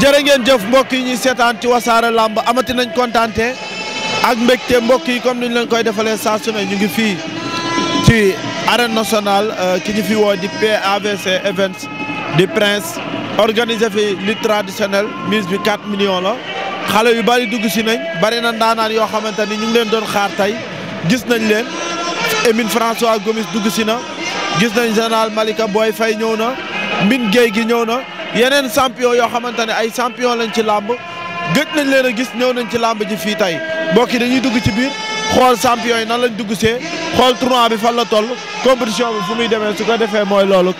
jërë ngeen jëf mbokk yi ñuy seetaan ci wasaare làmb amati nañ kontaante ak mbégte mbokk yi comme ni ñu leen koy defalee saa su ñu ngi fii ci arène nationale ci euh, ñu fi woo di PAVC events di prince organisé fi lutte traditionnelle mise bi 4 millions la xale yu bari dugg si nañ bari na ndaanaan yoo xamante ni ñu ngi leen doon xaar tey gis nañ leen Émine François Gomis dugg si na gis nañ général Malika Boy Faye ñëw na Mbine Gueye gi ñëw na yeneen champion yoo xamante ne ay champion lañ ci làmb gëj nañ leen a gis ñëw nañ ci làmb ji fii tey mbokk yi dañuy dugg ci biir xool champion yi nan lañ dugg see xool tournoi bi fan la toll compétition bi fu muy demee su ko defee mooy loolu.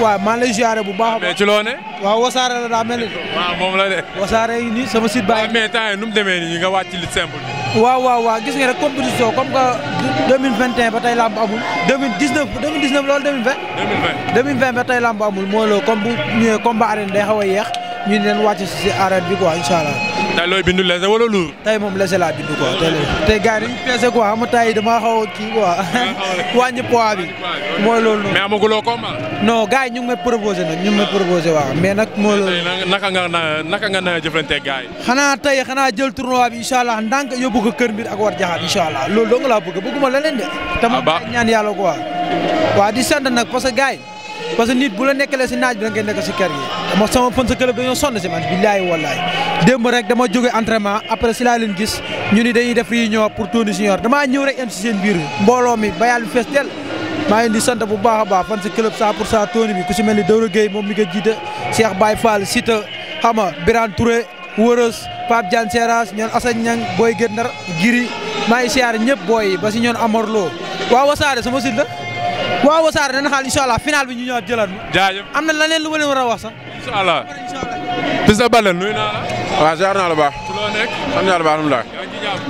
waaw maa lay ziare bu baax a baax. ci loo ne. waaw wasaare la daa mel waaw moom la de. wasaare yi nii sama site baa ngi. mais temps yii nu mu demee nii nga wàcc li simple bi. waaw waaw waaw gis nga rek compétition comme que 2021 ba tey làmb amul. 2019 2019 loolu 2020. 2020 2020 ba tey làmb amul moo loolu comme bu ñëwee combat arène day xaw a yéex ñu ne leen wàcc si arène bi quoi incha allah. tey looy bindu léger wala lourd. tey moom léger laa bindu quoi tey tey gars yi dañuy peese quoi xam nga tey damaa xaw a kii quoi wàññi poids bi mooy loolu noonu. mais amaguloo combat. non gars yi ñu ngi may na nag ñu ngi may proposé waaw mais nag mooy loolu. naka nga na naka nga na jëflanteeg gars xanaa tey xanaa jël tournoi bi incha allah ndànk yóbbu ko kër mbir ak war jaxaat incha allah la dong laa bëgg bëgguma leneen de. ah ba te ñaan yàlla quoi. waa di sant nag parce que parce que nit bu la nekkalee si naaj bi da nekk si kër gi dama sama fën sa club dañoo sonn si man billaahi wallaahi démb rek dama jóge entraînement après si laa leen gis ñu ni dañuy def réunion pour Tony Junior damaa ñëw rek em si seen biir mbooloo mi bayal bi fees dell maa ngi di sant bu baax baax fan si club 100 pour 100 Tony bi ku si mel ni Doro Gueye moom mi ko jiite Cheikh Baye Fall Sita xama Birane Touré Wërës Pape Diagne Seras ñoon Assane Niang maa ngi ñëpp booy ba si ñoon Amorlo waaw wasaare sama sit waaw Wassare dana xaar incha allah final bi ñu ñëwaat jëlaat ma. jaajëf am na leneen lu ma leen war a wax sax. incha allah Fils de Balla nuyu naa la. waaw ziar naa la baax. ci loo naa la baax alhamdulilah.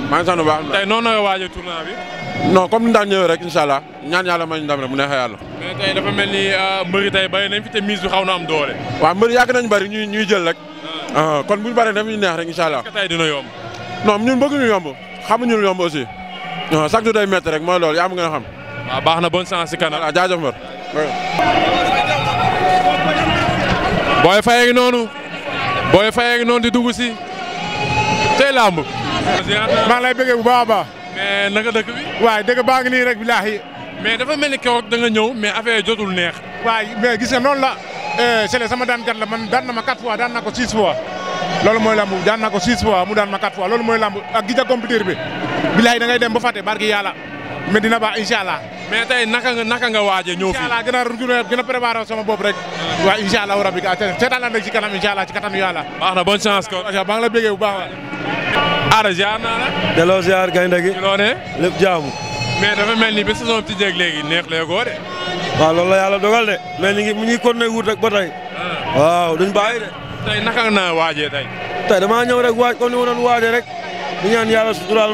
maa ngi sant bu baax. tey noonu la waajee tournoi bi. non comme ni daan ñëwee rek incha allah ñaan yàlla may ñu rek mu neexee yàlla. mais mel ni euh, mbëri tey bay nañ fi te mise bi xaw na am doole. waaw mbëri yàgg nañ bari ñuy ñuy jël rek. Ah. Ah, kon bu ñu paree dafa ñuy rek incha allah. tey dina yomb. non ñun bëgguñu yomb xamuñu yomb aussi. chaque jour day métti rek mooy loolu yaa ma gën a waaw ah, baax na bonne chance si kanam waaw ah, jaajëf mbër. booy Faye ngi noonu. booy Faye noonu di dugg si. tey làmb. maa ngi lay bëggee bu baax baa baax. mais naka dëkk bi. waaye dëkk baa nii rek bilaahi. mais dafa mel ni keroog da nga ñëw mais affaire yi jotul neex. waaye mais gis nga la. Euh, Sélé sama daan kat la man daan na ma quatre fois daan na ko six fois. loolu mooy lamb daan na ko six fois mu daan ma quatre fois loolu mooy lamb ak gis nga compétiteur bi. bilaahi da ngay ba fàtte barki yàlla. Medina Ba incha allah. mais tey naka nga naka nga waaj a ñëw fii. incha allah gën a a préparé bopp rek. waaw incha allah rabi ah te seetaan naa ci kanam incha na bonne chance kon. macha la bégee bu baax a. Aada ziar naa la. delloo ziar gaynde gi. loo ne. lépp jaamu. mais dafa mel ni ba saison bi tijjeeg léegi neex lee ko de. waaw loolu la yàlla dogal de mais ñu ngi ñu ngi continué wut rek ba tey. Ah. waaw duñ naa waajee tey. tey damaa ñëw rek waaj comme ni ma rek di ñaan yàlla suturaal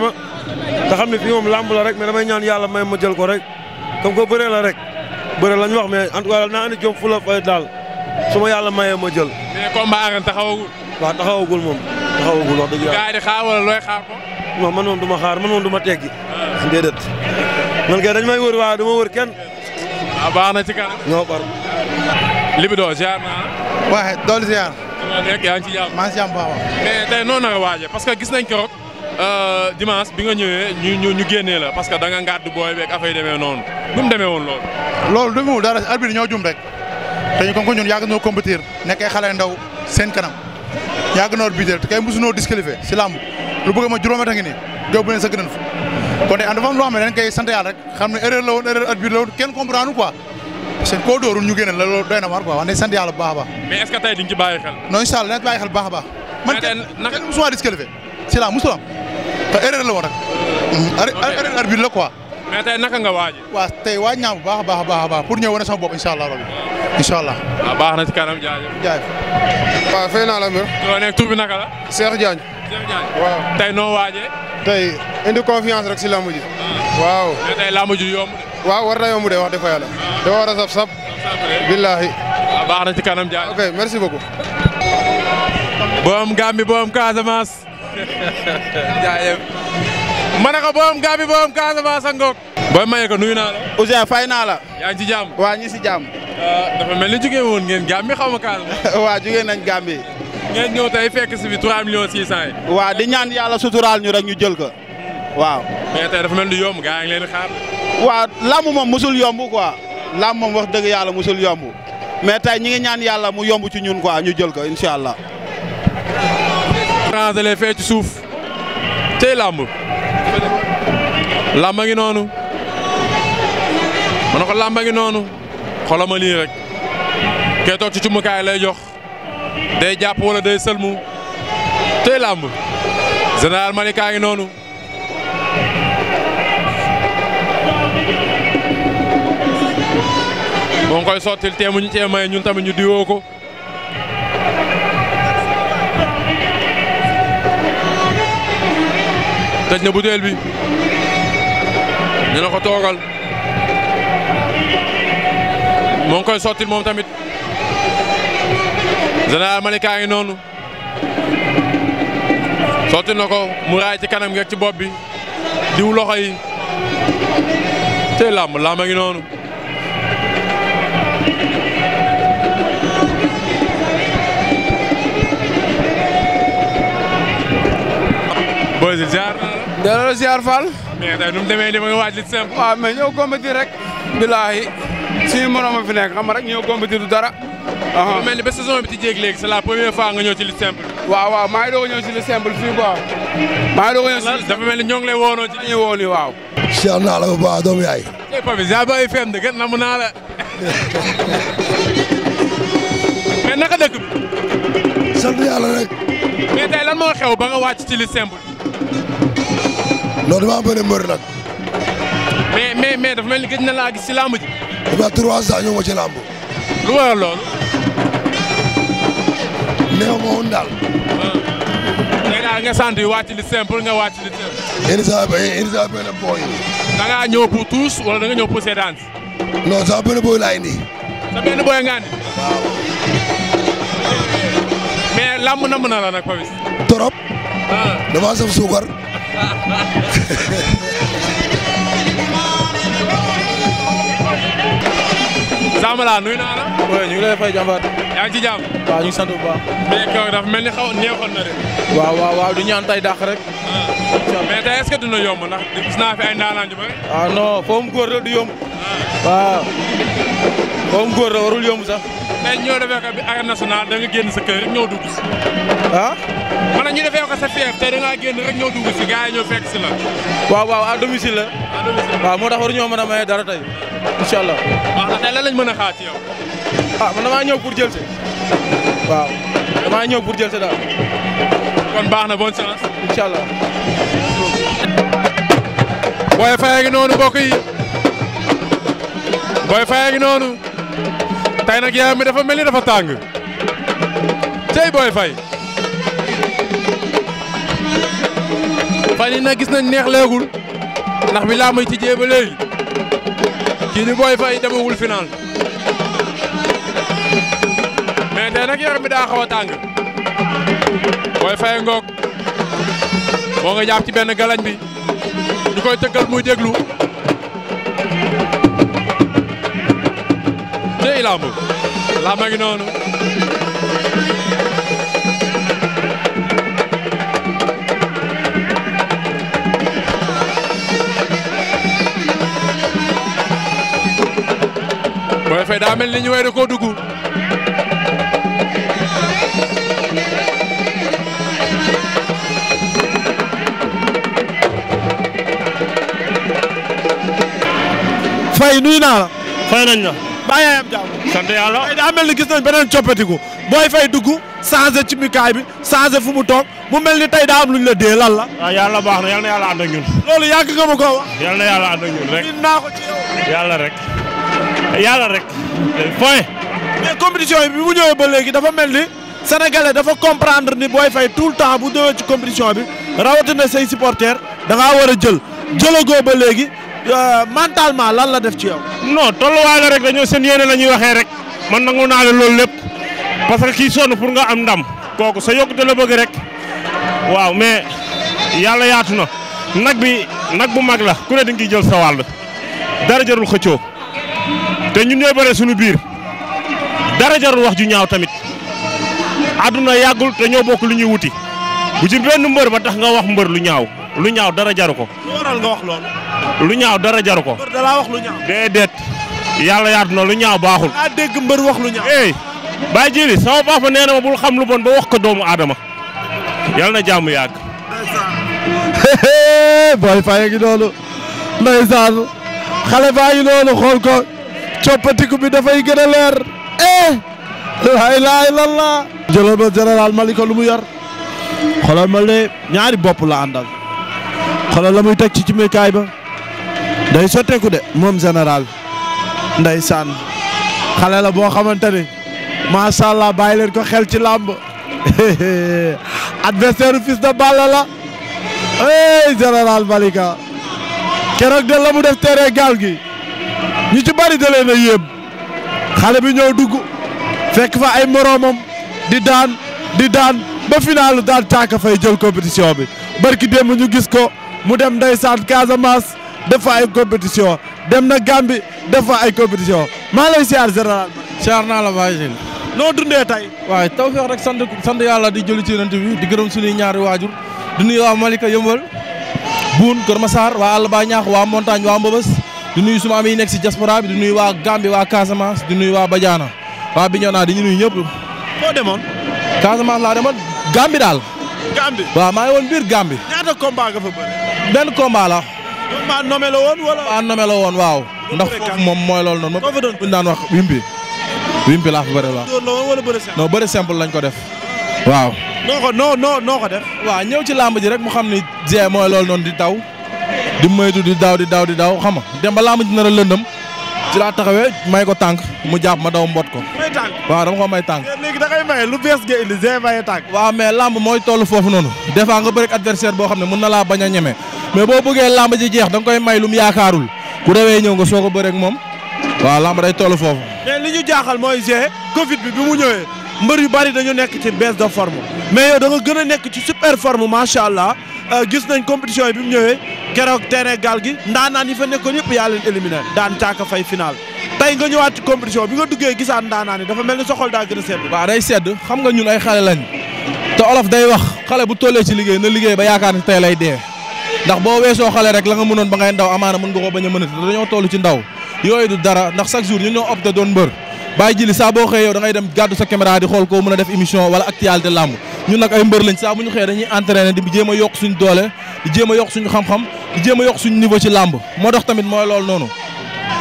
te xam ne fii moom làmb la rek mais damay ñaan yàlla may ma jël ko rek comme que bëree la rek bëre lañ wax mais en tout cas naa jom fu fay daal su ma yàlla mayee ma jël. mais combat arène taxawagul. waaw taxawagul moom taxawagul wax dëgg yàlla. gars yi di xaar wala looy xaar ko. non ma xaar man moom du ma teggi. déedéet man kay may wër waaye du wër kenn. waaw ah, baax na ci kanam. ñoo bar. Libido ziar naa. waaye si jàmm baax mais tey noonu la waajee parce que gis nañ keroog. Euh, dimanche bi nga ñëwee ñu ñu ñu génnee la parce que da nga ngàdd booy beeg affaire yi demee noonu nu mu woon loolu. loolu demewul dara arbitre ñoo jum rek te ñu ko ñun yàgg noo compétir nekk ay xale ndaw seen kanam yàgg noo biter te kay mosunoo disqualifié si làmb lu bëgg ma juróomi at a bu leen sëgg nañ de en ah, devant loo xam ne dañ koy sant yàlla rek xam ne erreur la woon erreur arbitre woon kenn comprendre quoi parce que koo dóorul ñu génne la loolu doy na war quoi wax nañ baax baax. mais si la musul am te erreur la woon rek. erreur arbitre la nga waaj. waaw tey waaj naa bu baax a baax a baax pour ñëw wane sama bopp incha allah rabi incha allah. waaw ah, baax na ci kanam jaajëf. jaajëf. waaw fay naa la mbir. loo nekk bi naka la. Cheikh Diagne. Cheikh Diagne waaw. tey noo waajee. tey indi confiance rek si lamb ji. Ah. waaw mais tey lamb ji yomb de. waaw war na yomb de wax dëgg yàlla. Ah. dafa a saf baax na ci kanam jaajëf. ok merci beaucoup. boom Gambie boom Casamance. jaajëf. ma ne ko boom Gàmbi boom Casamance ak Ngok. booy maye ko nuyu naa la. Ouzin fay naa la. yaa ngi ci jàmm. waa ñu si jàmm. Ah, dafa mel ni jugee woon ngeen Gàmbi xaw ma Casamance. waa jugee nañ Gàmbi. ngeen ñëw tey fek si bi 3 millions 600 waa di ñaan yàlla suturaal ñu rek ñu jël ko. Hmm. waaw. mais tey dafa mel ni yomb gaa ngi leen xaar. waa làmb moom musul yomb quoi. làmb moom wax dëgg yàlla musul yomb. mais tey ñi ngi ñaan yàlla mu yomb ci ñun quoi ñu jël ko incha allah. rangelé fee ci suuf tey làmb làmba noonu ma ne ko làmba noonu xoolal rek kee toog ci cumukaay lay jox day jàpp wala day sëlmu tey làmb général Malika ngi noonu moo ngi koy sottil teemu ñu tee may ñun tamit ñu diwoo ko daj na butéel bi nee na ko toogal moo ngi koy sottil moom tamit général Malika ngi noonu sottil na ko mu raay ci kanam ngeeg ci bopp bi diw loxo yi te làmb làmb a ngi noonu delloo ziar Fall. mais tey nu mu demee nii waaj li simple. waaw mais ñëw compétir rek. bilaahi suñu moroom fi nekk xam nga rek ñëw compétir du dara. mu mel ni ba saison bi di jéeg léegi c'est la première nga ñoo ci li simple. waaw waaw maa ngi doog a ñëw ci li simple fii quoi. maa ngi doog a ñëw ci dafa mel ni ñoo ngi lay woonoo ci li ñu woon waaw. seer naa la bu baax doomu yaay. eh Papis yaa bàyyi fenn de na mu naa la. rek. mais tey lan moo xew ba nga ci li simple. non damaa bëre mbër nag. mais mais mais dafa mel ni gëj na laa gis ci làmb ji. dafa trois ans ñëw ma ci làmb. lu waral loolu. neew ma woon daal. nee ah. naa nga sant wàcc li simple nga wàcc li teel. yenn saa yenn saa benn booy. da ngaa ñëw pour tous wala da nga ñëw pour seetaan si. non saa benn booy laa indi. sa benn booy nga indi. waaw. mais làmb namm na la nag Papis. trop. Ah. dama saf suukar. Sambala nuyu naa la. oui ñu ngi fay jàmbaar. yaa ngi ci jàmm. waaw ñu ngi dafa mel ni xaw neexoon na de. waaw waaw waaw du ñaan tay dàq rek. Ah. mais tey est-ce que dina yomb ndax naa fi ay ndaanaan ju bëri. ah non góor la du yomb. Ah. waaw foo góor la warul yomb sax. tey ñoo defee ko bi arène nationale da nga génn sa kër rek ñëw dugg si. ah. ma ne ñu defee da ngaa génn rek ñëw dugg la. waaw waaw à waaw moo tax war ñoo mën a maye waaw ndax tey lan a xaar ci yow. ah man jël si. waaw damaa ñëw pour daal. kon baax na bonne chance. incha noonu mbokk yi Boy Faye noonu. tey nag yaram bi dafa mel ni dafa tàng cey booy fay fan yi nag gis nañ neex leegul ndax bi laa may tijjee ba léegi kii di booy fay demagul final mais tey nag yaram bi daa a tàng booy fay ngoog moo nga jàpp ci benn galañ bi ñu koy tëggal muy déglu làmb làmb ngi noonu Boy Faye daa mel ni ñu way da koo dugg Faye nuyu naa la. fay nañ la. baa yaayam jàmm. sant yàlla tey daa mel ni gis nañ beneen coppatiku booy fay dugg changé ci mikaay bi changé fu mu toog mu mel ni tey daa am lu la dee lan la. Ah, yàlla baax na yàlla ànd ak ñun. loolu yàgg nga ma koo na yàlla ànd ak ñun rek naa ko ci yow. yàlla rek rek. point. mais yi bi mu ñëwee ba léegi dafa mel ni sénégalais dafa comprendre ni booy fay tout le temps bu ñëwee ci compétition bi rawatina say supporters da ngaa war a jël jëlagoo ba léegi euh, mentalement lan la def ci yow. non tolluwaay la rek dañoo seen yéene la ñuy waxee rek man nangu naa loolu lépp parce que kii sonn pour nga am ndam kooku sa yokkute la bëgg rek waaw mais yàlla yaatu na nag bi nag bu mag la ku ne dañ ciy jël sa wàll dara jarul xëccoo te ñun ñooy bare suñu biir dara jarul wax ju ñaaw tamit àdduna yàggul te ñoo bokk lu ñuy wuti bu ci benn mbër ba tax nga wax mbër lu ñaaw lu ñaaw dara jaru ko. lu ñaaw dara jaru ko. mbër da laa wax lu ñaaw. yàlla yaatu na lu ñaaw baaxul. daa dégg mbër wax lu ñaaw. eh bàyyi jili sama papa nee na ma bul xam lu bon ba wax ko doomu aadama yàlla na jàmm yàgg. booy fay ngi noonu ndeysaan xale baa ngi noonu xool ko coppatiku bi dafay gën a leer eh la ilaha illallah jëlal ma Malika lu mu yor xoolal ma lee ñaari bopp la àndal xoolal la muy teg ci ci mekaay ba day sotteeku de moom général ndeysaan xale la boo xamante ni macha allah bàyyi leen ko xel ci làmb adversaire fils de Balla la hey général Malika keroog de la mu def terrain gaal gi ñu ci bari da leen a yéem xale bi ñëw dugg fekk fa ay moroomam di daan di daan ba finaalu daan taaka fay jël compétition bi barki démb ñu gis ko mu dem ndeysaan Casamance. def fa ay compétition na Gambie def fa ay compétition maa lay siyaar général. siyaar naa la Baye Zine. noo dundee tey. waaye tawfeex rek sant sant yàlla di jëli ci yonent bi di gërëm suñuy ñaari waajur di nuyu waa Malika yëmbal Buun ma Massar waa Alba Ñaax waa Montagne waa Mbëbës di nuyu suma yi nekk si diaspora bi di nuy waa Gambie waa Casamance di nuyu waa Badiana waa Bignona di ñu nuyu ñëpp. foo demoon. Casamance laa demoon Gambie daal. Gambie waaw maa ngi woon biir Gambie. ñaata combat combat nommé la woon wala. woon waaw. ndax foofu moom mooy lool noonu. koo fa doon buñ daan wax wimpi. wimpi laa fa bëri waaw. doon lool wala bëri simple. non lañ ko def. waaw. noo ko noo ko def. waaw ñëw ci làmb ji rek mu xam ni jee mooy loolu noonu di daw di moytu di daw di daw di daw xam nga dem ba làmb ji nar a lëndëm ci laa taxawee may ko tànk mu jàpp ma daw mbot ko. may tànk waaw dama ko may tànk. léegi da ngay maye lu bees nga indi zee maye tànk. lamb mooy toll foofu noonu. des fois nga bëreeg adversaire boo xam ne mën na laa bañ a ñeme mais boo bëggee lamb ji jeex da koy may lu mu yaakaarul ku dawee ñëw nga soo ko bëreeg moom waa lamb day toll foofu. mais li ñu jaaxal mooy G Covid bi bi mu ñëwee mbër yu bari dañu nekk ci baisse de forme mais yow da nga gën a nekk ci super forme macha allah Euh, gis nañ compétition yi bi mu ñëwee keroog terrain gaal gi ndaanaan yi fa nekkoon yëpp yaa leen éliminé daan caaka fay final tey nga ñëwaat ci compétition bi nga duggee gisaat ndaanaan yi dafa mel ni sa daa gën a sedd. waaw day sedd xam nga ñun ay xale lañ te olof day wax xale bu tollee ci liggéey na liggéey ba yaakaar ne tey lay dee ndax boo weesoo xale rek la nga mënoon ba ngay ndaw amaana mën nga koo bañ a mënati dañoo toll ci ndaw yooyu du ndax chaque jour ñu ñoo opté doon bàyyi jili saa boo xëyee yow da ngay dem gàddu sa caméra di xool koo mën a def émission wala actualité làmb ñun nag ay mbër lañ saa bu ñu xëyee dañuy entraîné di jéem a yokk suñ doole di jéem yokk suñu xam-xam di jéem a yokk suñu niveau ci làmb moo tax tamit mooy lool noonu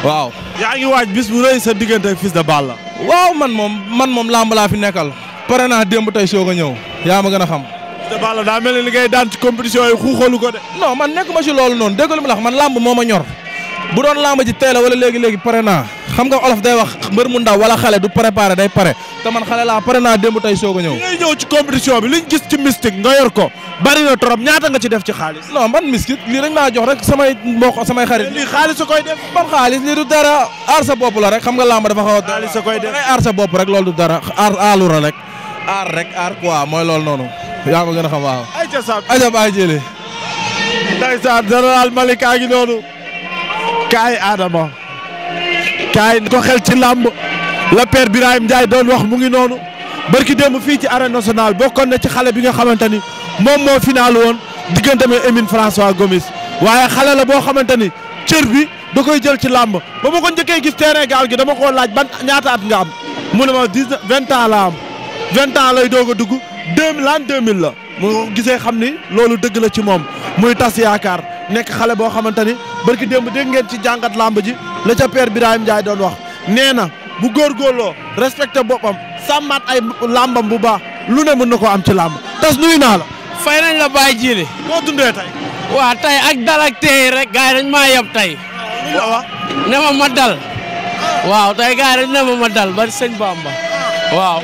waaw yaa ngi waaj bis bu rëy sa diggante ak Fils de Balla waaw man moom man moom làmb laa fi nekkal pare naa démb tey soog a ñëw yaa ma gën a xam Fils de Balla daa mel ni li daan ci compétition yi ko de non man nekk ma ci loolu noonu déggalu ma lax man làmb moo ma ñor bu doon làmb ji tey la wala léegi léegi pare naa xam nga olof day wax mbër mu ndaw wala xale du préparé day pare te man xale laa pare naa démb tey soog a ñëw. ci compétition bi liñ gis ci mystique nga yor ko bari na trop ñaata nga ci def ci xaalis. non man mystique lii rek laa jox rek samay mbokk samay xarit. lii xaalis koy def. man xaalis lii du dara aar sa bopp la rek xam nga làmb dafa xaw a. aar sa bopp rek loolu du dara aar aalu la rek. aar rek a a kaay Adama kaay ko xel ci làmb la père Birahim Ndiaye doon wax mu ngi noonu barki dem fii ci arène national bokkoon na ci xale bi nga xamante ni moom moo final woon diggante mi Emine François Gomis waaye xale la boo xamante ni cër bi da koy jël ci làmb ba ma ko njëkkee gis terrain gaal gi dama koo laaj ban ñaata at nga am mu ne ma dix vingt ans la am vingt ans lay doog a dugg deux l'an deux mille la mu gisee xam ni loolu dëgg la ci moom muy tas yaakaar. nekk xale boo xamante ni barki démb dégg ngeen ci jàngat làmb ji la ca père Birahim Ndiaye doon wax nee na bu góorgóorloo respecté boppam sàmmaat ay làmbam bu baax lu ne mën na koo am ci làmb tas nuyu naa la. fay nañ la bàyyi jiile. koo dundee waa tey ak dal ak tey rek gars yi maa yab tey. waaw ne ma ma dal. waaw tey gars yi ne ma ma dal bari sëñ Bamba waaw.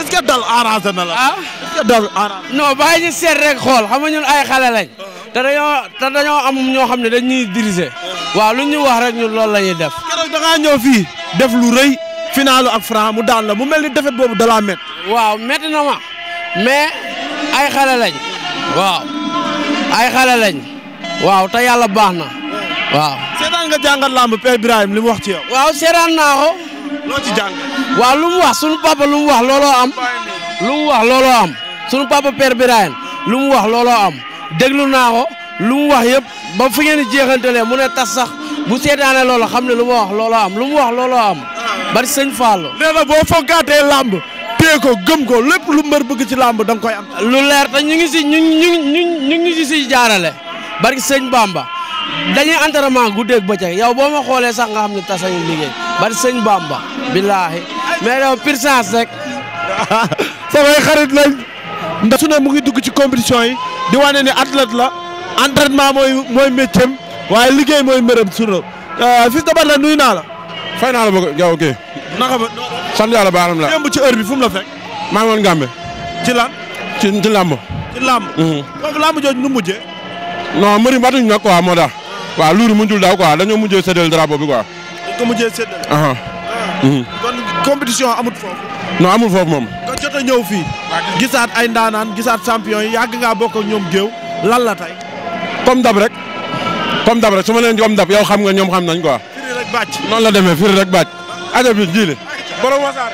est-ce que dal arrangé na la. ah est-ce que seet rek xool xam nga ñun ay xale lañ. Ah. te dañoo te dañoo am ñoo xam ne dañuy diriger. waaw lu ñu wax rek ñun loolu la def. keroog da ñëw fii def lu rëy finalu ak franc mu daan la mu mel ni defet boobu da laa met waaw métti na ma mais ay xale lañ. waaw ay xale lañ. waaw te yàlla baax na. waaw. seetaan nga jàngat làmb Père Birahim li mu wax ci yow. waaw seetaan naa ko. loo ci jàng. waaw lu mu wax sunu papa lu mu wax looloo am. lu mu wax looloo am. sunu papa Père Birahim lu mu wax looloo am. déglu naa ko lu mu wax yëpp ba fu ngeen jeexantalee mu ne tas sax bu seetaane loola xam ne lu ma wax looloo am lu mu wax looloo am bari sëñ Fallou nee na boo foggaatee làmb tee ko gëm ko lépp lu mbër bëgg ci làmb da nga koy am lu leer te ñu ngi si ñu ñu ñu ñu ngi si si jaarale bari sëñ Bamba dañuy entraînement guddeeg bëccëg yow boo ma xoolee sax nga xam ne tasañu liggéey bari sëñ Bamba billaahi mais yow puissance rek samay xarit lañ ndax su ne mu ngi dugg ci compétition yi di wane ni athlète la entraînement mooy mooy métier waaye liggéey mooy mërëm suuna euh, Fils de Balla nuyu naa la. fay naa la ba Ndiago Guèye. naka ba. sant yàlla baalam la démb ci heure bi fu mu la fekk. maa ngi woon ci lan. ci ci làmb. ci làmb. donc mm-hmm. làmb jooju nu mujjee. non mëri batuñ nag quoi moo tax. waaw luuru mujjul daaw quoi dañoo mujjee séddale drapeau bi quoi. dañ ko mujjee séddale. Ah. Mm-hmm. kon compétition amut foofu. non amul foofu moom. nga jot a ñëw fii. gisaat ay ndaanaan gisaat champion yi yàgg ngaa bokk ak ñoom géew lan la tey. comme dab rek comme dab rek su ma leen comme dab yow xam nga ñoom xam nañ ko firi rek noonu la demee firi rek bàcc. aja bi jiile. borom wasaar.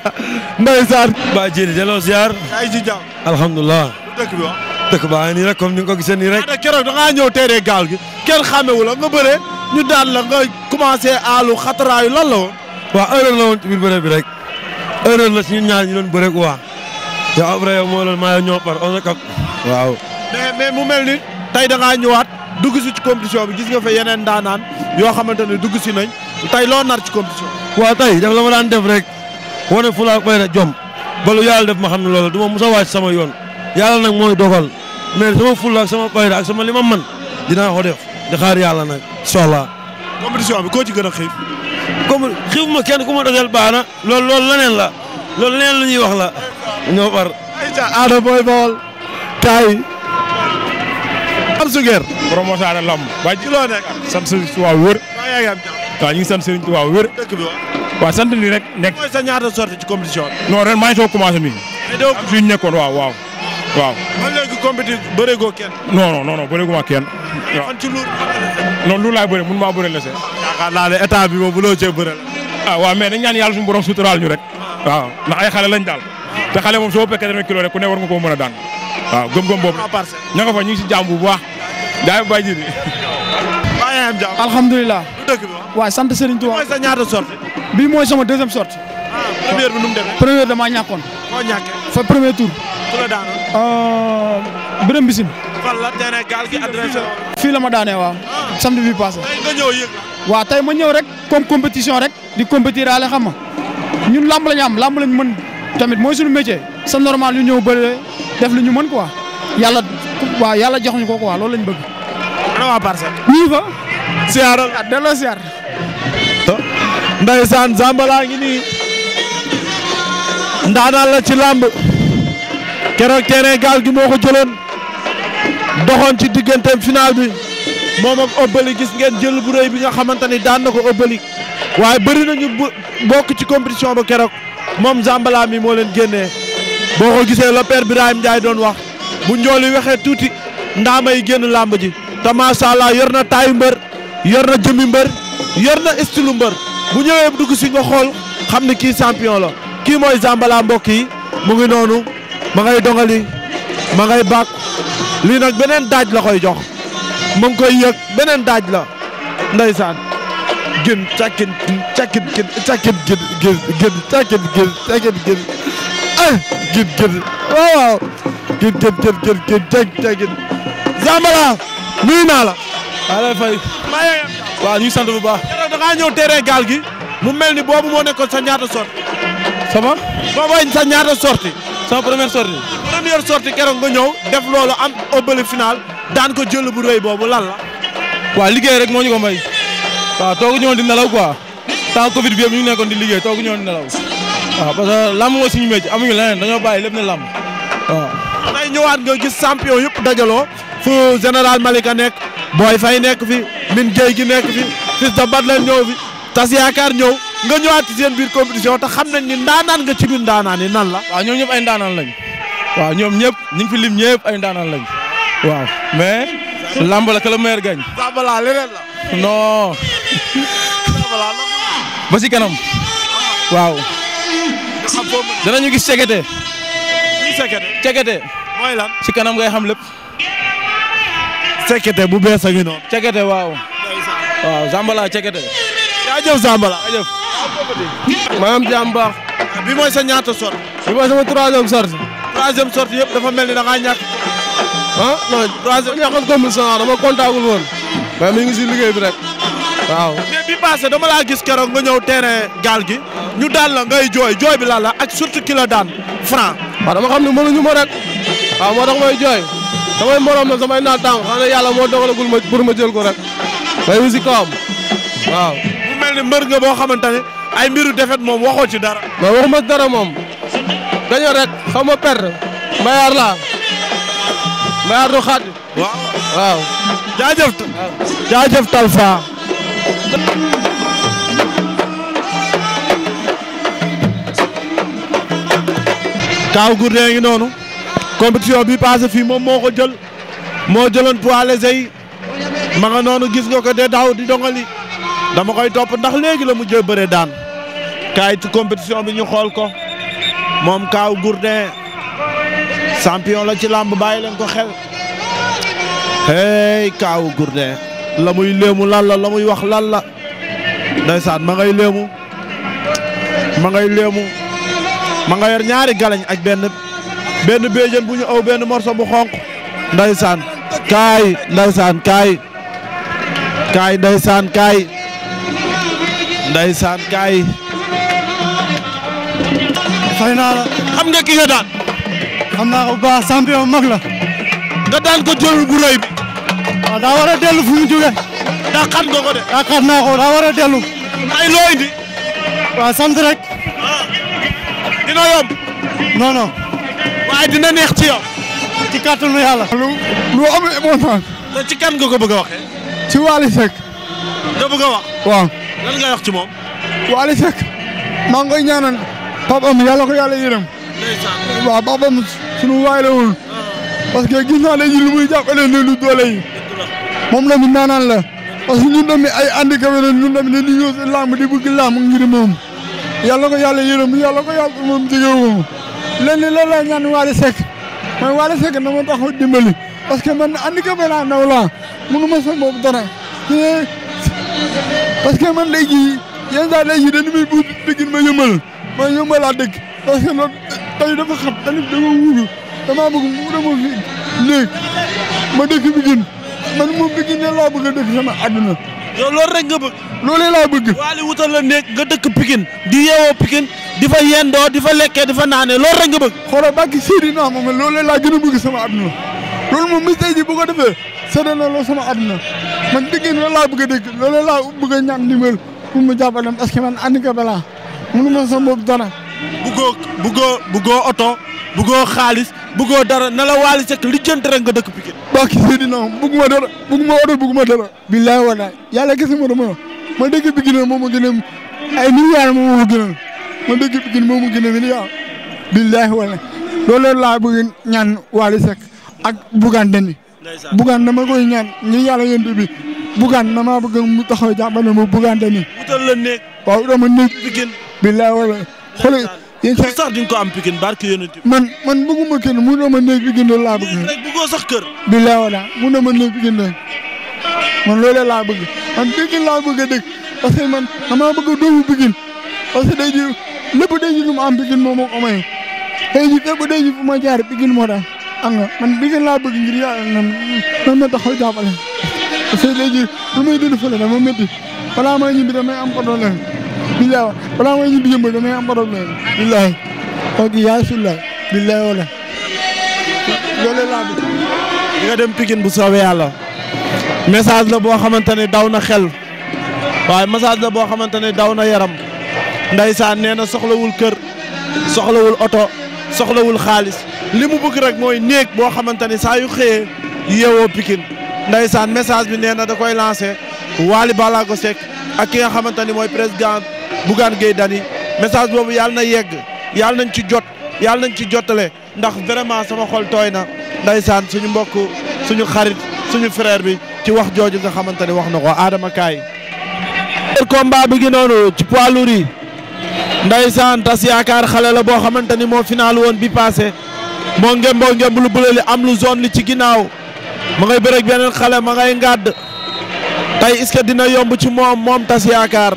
ndeysaan. ba jiile delloo ziar. ay ci jàmm. alhamdulilah. dëkk bi wax. dëkk baa nii rek comme ni ko gisee nii rek. waaw keroog da ngaa ñëw teeree gaal gi kenn xàmmewu la nga bëree ñu daan la nga commencé aalu xataraayu lan la waa waaw erreur la woon ci bëre bi rek. erreur la si ñun ñaar ñu doon bëre quoi yow après moo loolu maa ñoo par on kap waaw. mais mu mel ni tey da ngaa ñëwaat dugg si ci compétition bi gis nga fa yeneen daanaan yoo xamante ne dugg si nañ tey loo nar ci compétition waa waaw tey def la ma daan def rek wane fulaa koy rek jom ba lu yàlla def ma xam ne loolu du ma mos a wàcc sama yoon yàlla nag mooy dogal mais sama fulla ak sama koy ak sama li ma mën dinaa ko def di xaar yàlla nag incha allah. bi koo ci gën a xiif. comme xiif ma kenn ku ma dajal baax lool lool loolu leneen la loolu leneen lu ñuy wax la ñoo far. Ada Boy Baol tay am sugeer borom Wassare Lamb waa ji loo nekk sant Serigne Touba wër waaw ñu ngi sant Serigne wër waaw sant li rek nekk mooy sa ñaata sortie ci compétition non ren maa ngi soog commencé mi am suñu nekkoon waaw waaw waaw ba léegi compétition bëreegoo kenn non non non bëreeguma kenn noonu lu laay bëre mun maa bëre lese. yaakaar naa ne état bi moom loo cee bëre la. ah waaw mais ñaan yàlla suñu borom suturaal ñu rek. waaw ndax xale lañ daal. te xale moom soo fekkee dana kilo rek ku ne war nga koo mën a daan. waaw gëm-gëm boobu. ña nga fa ñu si jàmm bu baax. jaay ma bàyyi ji bi. maa ngi am jàmm. alhamdulilah. lu dëkk bi waaw. sant Serigne Touba. sa ñaata sortie. bii mooy sama deuxième sortie. ah première bi nu mu demee. première damaa ñàkkoon. foo ñàkkee. fan la terrain gaal gi adressé fii la ma daanee waaw. Ah. samedi bi passé. tey nga ñëw yëg. waaw ma ñëw rek comme compétition rek. di compétir aale xam ma ñun làmb la ñu am la ñu mën tamit mooy suñu métier. sa normal ñu ñëw bëre def li ñu mën quoi. yàlla waaw yàlla jox ñu ko quoi loolu lañ bëgg. ana waa parcelle. ñii fa. siyaaral ah delloo siyaar. Oh. ndeysaan Zambala ngi nii. ndaanaan la ci làmb. keroog terrain gaal gi moo ko jëloon. doxoon ci digganteem final bi moom ak Obali gis ngeen jël bu rëy bi nga xamante ni daan na ko Obali waaye bëri nañu bokk ci compétition ba keroog moom Zambala mi moo leen génnee boo ko gisee le père Birahim Ndiaye doon wax bu njool yi waxee tuuti ndaama yi génn làmb ji te macha allah yor na taayu mbër yor na jëmi mbër yor na estilu mbër bu ñëwee dugg si nga xool xam ni kii champion la kii mooy Zambala mbokk yi mu ngi noonu ma ngay dongali lii nag beneen daaj la koy jox mu ngi yëg beneen daaj la ndeysaan gën càkkit càkkit gën càkkit gën gën gën càkkit gën càkkit ah, waaw waaw gën gën gën gën gën naa la maa lay fay waaw ñu sant bu baax keroog da ñëw teeree gaal gi mu mel ni boobu moo nekkoon sa ñaata sorti sama boobooy sa ñaata sorti sama première sortie première sortie keroog nga ñëw def loolu am obali final daan ko jël bu rëy boobu lan la. waaw liggéey rek moo ñu ko may. waaw toogu ñoon di nelaw quoi temps Covid bi yëpp nekkoon di liggéey toogu ñoon nelaw. waaw parce que làmb moo suñu métier amuñu leneen dañoo bàyyi lépp ne làmb ñëwaat nga gis champion yëpp dajaloo fu général Malika nekk Boy Faye nekk fi Min Gueye gi nekk fi Fils de Batlene ñëw fi tas yaakaar ñëw nga ñëwaat ci seen biir compétition te xam nañ ni ndaanaan nga ci biir ndaanaan yi nan la. waaw ñoom ñëpp ay ndaanaan lañ. waaw ñoom ñëpp ñu ngi fi lim ñëpp ay ndaanaan lañ waaw mais. lamb la que le meilleur ba si kanam. waaw. danañu gis cekete. cekete. mooy lan si kanam ngay xam lépp. cekete bu bees a ngi noonu. cekete waaw. waaw Zambala cekete. jaajëf Zambala bi mooy sa ñaata sort. bi mooy sama troisième sort. troisième sortie yëpp dafa mel ni da ngaa ñàkk. ah non troisième ñàkkoon comme ça dama kontaagul woon. mais mi ngi si liggéey bi rek. waaw mais bi passé dama laa gis keroog nga ñëw terrain gaal gi. ñu daal la ngay jooy jooy bi laa la ak surtout kilo la daan franc. waaw dama xam ne mënuñu ma rek. waaw moo tax may jooy. samay morom nag samay naataango xam ne yàlla moo dogalagul ma pour ma jël ko rek. may wi si kawam waaw. mu mel ni mbër nga boo xamante ne ay mbiru defet moom waxoo ci dara. mais dañoo rek xaw ma perdre laa Mayaar du xadd. waaw waaw. jaajëf. waaw jaajëf Talfa. Kaaw Gourdin ngi noonu. compétition bi passé fii moom moo ko jël moo jëloon poids léger yi ma nga noonu gis nga ko de daxaw di dongali dama koy topp ndax léegi la mu jël bëre daan kaay ci compétition bi ñu xool ko. moom Kaaw Gourdin champion la ci làmb bàyyi leen ko xel hey Kaaw Gourdin lamuy muy léemu lan la la muy wax lan la ndeysaan ma ngay léemu ma ngay léemu ma nga yor ñaari galañ ak benn benn béjjën bu ñu aw benn morso bu xonq ndeysaan kaay ndeysaan kaay kaay ndeysaan kaay ndeysaan kaay fay naa la. xam nga ki nga daan. xam naa ko bu baax mag la. nga daan ko jël bu rëy bi. daa war a dellu fu mu daa xat nga ko de. daa xat naa ko daa war a dellu. ay loo indi. waaw sant rek. Ah, dina yomb. non waaye dina neex ci yow. ci kàttanu yàlla. lu lu am émotion. te ci kan nga ko bëgg a waxee. ci Waly Seck. nga bëgg a wax. waaw. lan nga wax ci moom. Waly Seck. maa ngi koy ñaanal. Pape Am yàlla ko yàlla yërëm. waaw Pape Am sunu waay woon. Ah. parce que gis naa dañuy lu muy jàppale ne lu doole yi. moom la mu naanaan la. parce que ñun tamit ay handicapé la ñun tamit dañuy ñëw si làmb di bëgg làmb ngir moom. yàlla ko yàlla yërëm yàlla ko yàlla moom jege moom. lenn loolu laa ñaan Wally Seck mooy Wally Seck na dimbali parce que man handicapé laa ndaw laa mënu ma sa bopp dara man léegi yenn saa léegi dañu may buut dëggin ma yëmal. man Yëmbël laa dëkk parce que loolu tali dafa xat tali dama wuuru damaa bëgg mu dama fi léegi ma dëkk Pikine man moom Pikine ne laa bëgg a dëkk sama àdduna yow loolu rek nga bëgg loolee laa bëgg waali wutal la néeg nga dëkk Pikine di yeewoo Pikine di fa yendoo di fa lekkee di fa naanee loolu rek nga bëgg xoolal bàkki Seydina moom loolee laa gën a bëgg sama àdduna loolu moom mis tey ji bu ko defee sedd na loolu sama àdduna man Pikine loolu laa bëgg a dëkk loolee laa bëgg a ñaan ndimbal pour mu jàppale parce man handicapé laa mënuloo sa bopp dara. buggoo buggoo buggoo oto buggoo xaalis buggoo dara na la Wally Seck lijjanti rek nga dëkk Pikine. baax ki sëñ bi non bugguma dara bugguma oto bugguma dara. billaay walaay yàlla gis nga ma ma dëkk Pikine moom ma gën a ay milliards moom ma gënal ma dëkk Pikine moom ma gën a milliards. billaay walaay loolu laa bëgg ñaan Wally ak Bougane Dany. Bougane dama koy ñaan ngir yàlla yënd bi Bougane damaa bëgg mu taxaw jàppale ma Bougane Dany. wutal la nekk. waaw dama nekk Pikine bilaa wala xoolal yéen sax di nga ko am Pikine barke man man bëgguma kenn mu ne ma néeg Pikine laa bëgg. rek bëggoo sax kër. bilaa wala mu ne ma man loolu laa bëgg man Pikine laa bëgg a dëkk parce que man damaa bëgg parce que day ji lépp day ji lu mu am Pikine moom moo ko may day ji lépp day ji fu ma jaar Pikine moo tax am nga man Pikine laa bëgg ngir yàlla nan nan ma taxaw jàppale parce que day ji lu may dund fële dama métti balaa may ñibbi damay am ko billaay balaa may ñibbi yëmbal damay am problème billaay wax dëgg di nga dem Pikine bu soobee yàlla message la boo xamante ne daw na xel waaye message la boo xamante ne daw na yaram ndaysaan nee na soxlawul kër soxlawul oto soxlawul xaalis li mu bëgg rek mooy néeg boo xamante ne saa yu xëyee yeewoo Pikine ndaysaan message bi nee na da koy lancé Wally Ballago Seck ak ki nga xamante ni mooy président Bougane Gueye Dany message boobu yàlla na yegg yàlla nañ ci jot yàlla nañ ci jotale ndax vraiment sama xol tooy na ndaysaan suñu mbokk suñu xarit suñu frère bi ci wax jooju nga xamante ne wax na ko Adama Kaay. combat bi gi noonu ci poids lourd yi ndaysaan tas yaakaar xale la boo xamante ni moo finaal woon bi passé moo ngem boo ngem lu bële li am lu zone li ci ginnaaw ma ngay bëreeg beneen xale ma ngay ngàdd tey est dina yomb ci moom moom tas yaakaar.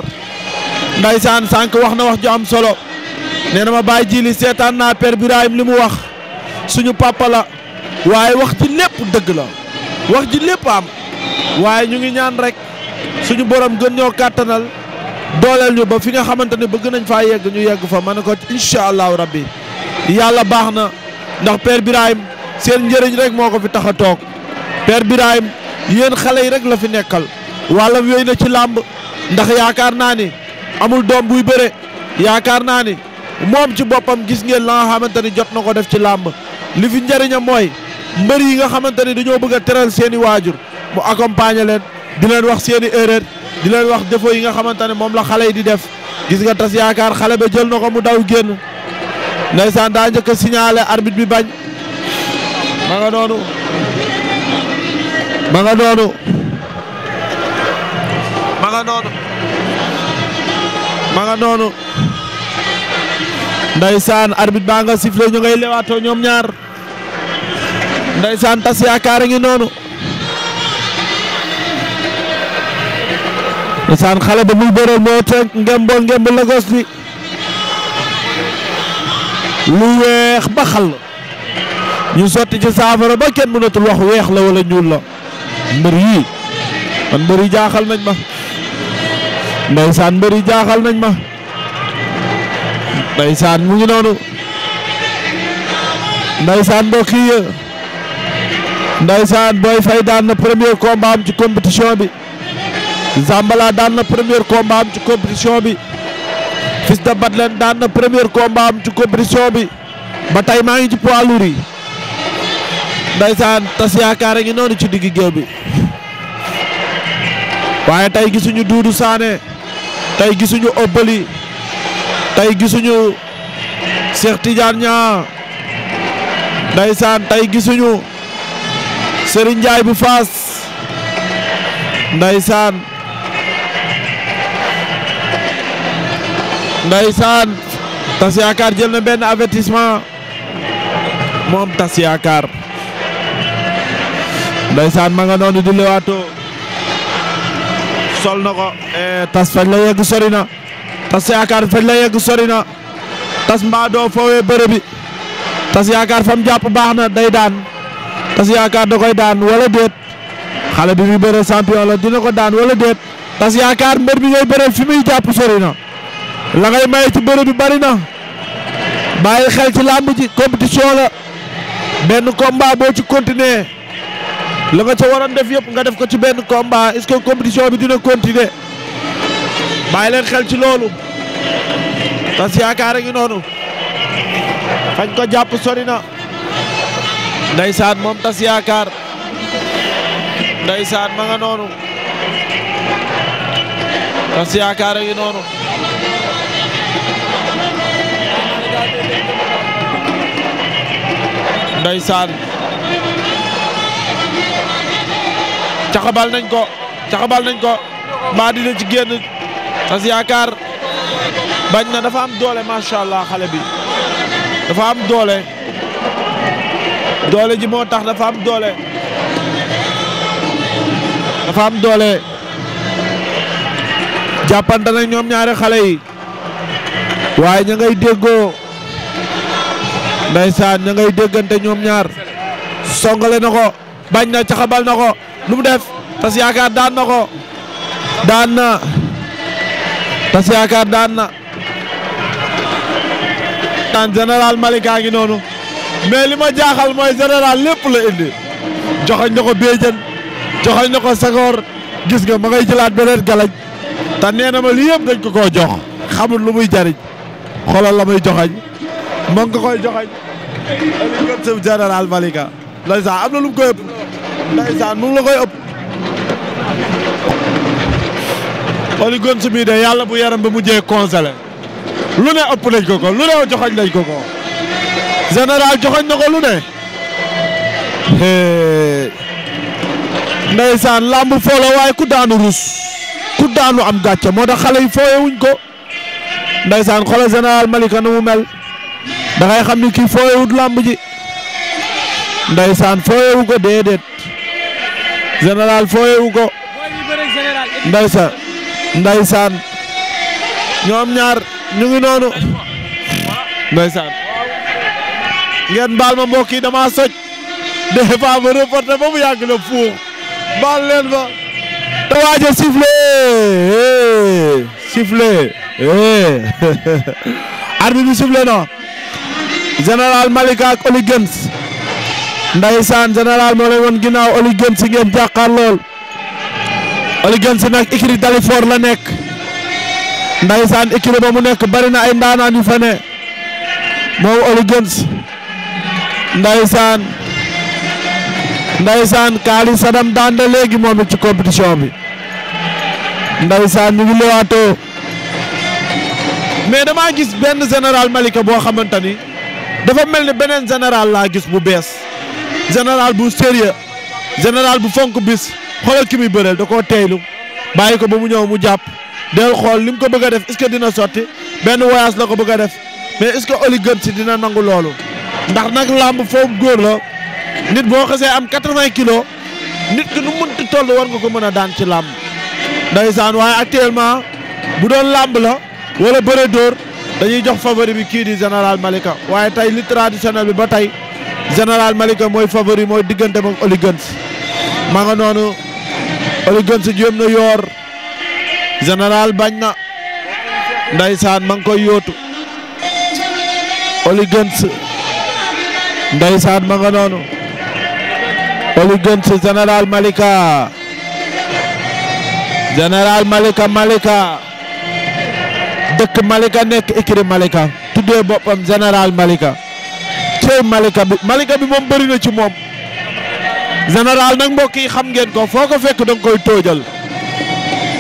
ndaysaan sànq wax na wax ju am solo nee na ma bàyyi jili seetaan naa Père Birahim li mu wax suñu papa waaye wax ji lépp dëgg la wax ji lépp am waaye ñu ngi ñaan rek suñu borom gën ñoo kàttanal dooleel ñu ba fi nga xamante ne bëgg nañ faa yegg ñu yegg fa ma ne ko incha allahu rabbi yàlla baax na ndax per Birahim seen njëriñ rek moo ko fi tax a toog Père Birahim yéen xale yi rek la fi nekkal wàllam yooyu na ci làmb ndax yaakaar naa ni amul doom buy bëre yaakaar naa ni moom ci boppam gis ngeen la nga xamante ni jot na ko def ci làmb li fi njëriñam mooy mbër yi nga xamante ni dañoo bëgg a teral seen waajur mu accompagner leen di leen wax seeni i di leen wax défaut yi nga xamante ne moom la xale yi di def gis nga tas yaakaar xale ba jël na ko mu daw génn ndeysaan daa njëkk a signalé arbitre bi bañ ma nga noonu ma nga noonu ma nga ma nga noonu ndaysaan arbitre baa nga sifflé ñu ngay lewaatoo ñoom ñaar ndaysaan tas yaakaar a ngi noonu ndaysaan xale ba muy bëreel moo teg ngemboo ngemb Lagos bi lu weex ba xal ñu sotti ci saafara ba kenn mënatul wax weex la wala ñuul la mbër yii man mbër yi jaaxal nañ ma ndeysaan mbëri jaaxal nañ ma ndeysaan mu ngi noonu ndeysaan mbokk yi ndeysaan Boy Faye daan na premier combat ci compétition bi Zambala daan na premier combat am ci compétition bi Fils de Batlen daan na premier combat ci compétition bi ba tey maa ngi ci poids lourd yi ndeysaan tas yaakaar a ngi noonu ci diggu géew bi waaye tey gisuñu Doudou Sané tey gisuñu ëppali tey gisuñu Cheikh Tidiane ñaa ndaysaan tey gisuñu Serigne Ndiaye bu Faas ndaysaan ndaysaan tas yaakaar jël na benn avertissement moom tas yaakaar ndaysaan ma nga di lewaatoo sol na ko eh, tas fañ la yegg sori na tas yaakaar fañ la yegg sori na tas mbaa doo foowee bërëbi tas yaakaar fam jàpp baax na day daan tas yaakaar da koy daan wala déet xale bi muy bëre champion la dina ko daan wala déet tas yaakaar mbër bi ngay bëre fi muy jàpp sori na la ngay may ci bërëb bi bari na bàyyi xel ci làmb ji compétition la benn combat boo ci continuer la nga ca waroon def yëpp nga def ko ci benn combat est-ce que bi dina continuer bàyyi leen xel ci loolu tas yaakaar a ngi noonu fañ ko jàpp sori na ndeysaan moom tas yaakaar ndeysaan ma nga noonu tas yaakaar a ngi noonu caxabal nañ ko caxabal nañ ko maa dina ci génn tas yaakaar bañ na dafa am doole macha allah xale bi dafa am doole doole ji moo tax dafa am doole dafa am doole jàppante na ñoom ñaari xale yi waaye ña ngay déggoo ndeysaan ña ngay déggante ñoom ñaar songale na ko bañ na caxabal na ko lu mu def tas yaakaar daan na ko daan na tas yaakaar daan na daan général Malika ngi noonu mais li ma jaaxal mooy général lépp la indi joxoñ na ko béjjën joxoñ na ko sagoor gis nga ma ngay jëlaat beneen galaj te nee na ma li yëpp dañ ko koo jox xamul lu muy jariñ xoolal la muy joxañ ma ngi ko koy joxañ général Malika lay sax am na lu mu ko ndeysaan mu la koy ëpp Oli Gonzo bii de yàlla bu yaram bi mujjee congelé lu ne ëpp nañ ko ko lu ne joxoñ nañ ko ko général joxoñ na ko lu ne ndeysaan làmb foo waaye ku daanu rus ku daanu am gàcce moo tax xale yi fooyewuñ ko ndeysaan xoolal général Malika nu mu mel da ngay xam ni kii fooyewut làmb ji ndeysaan fooyewu ko déedéet général fooyewu ko ndaysa ndaysaan ñoom ñaar ñu ngi noonu ndaysaan ngeen baal ma mbokk yi dama soj des fois ma reporté ba mu yàgg la fuux baal leen ma te waaj a sifflé sifflé arbitre bi sifflé na général Malika ak Ndeysaan général moo leen woon ginnaaw Oly Gën si ngeen jàkkaar lool Oly Gën nag écurie Dalifort la nekk Ndeysaan écurie ba mu nekk bari na ay ndaanaan yu fa ne moom Oly Gën si Ndeysaan Ndeysaan Kaali Sadam léegi moom ci compétition bi Ndeysaan ñu ngi mais damaa gis benn général Malika boo xamante ni dafa mel ni beneen général laa gis bu bees. général bu sérieux général bu fonk bis xoolal ki muy bëreel da koo teeylu bàyyi ko ba mu ñëw mu jàpp del xool li mu ko bëgg a def est dina sotti benn voyage la ko bëgg a def mais est-ce que dina nangu loolu ndax nag làmb foofu góor la nit boo xasee am 80 kilos nit ki nu mënti toll war nga ko mën a daan ci làmb ndeysaan waaye actuellement bu doon làmb la wala bëre dóor dañuy jox favori bi kii di général Malika waaye tey li traditionnel bi ba tey général Malika mooy favori mooy diggante ak Oli Guns maa nga noonu Oli Guns jéem na yoor général bañ na ndaysaan ma ngi koy yootu Oli Guns ndaysaan ma nga noonu Oli général Malika général Malika Malika dëkk Malika nekk ikiri Malika tuddee boppam général Malika cey Malika bi moom bëri na ci moom général nag mbokk yi xam ngeen ko foo ko fekk da koy tóojal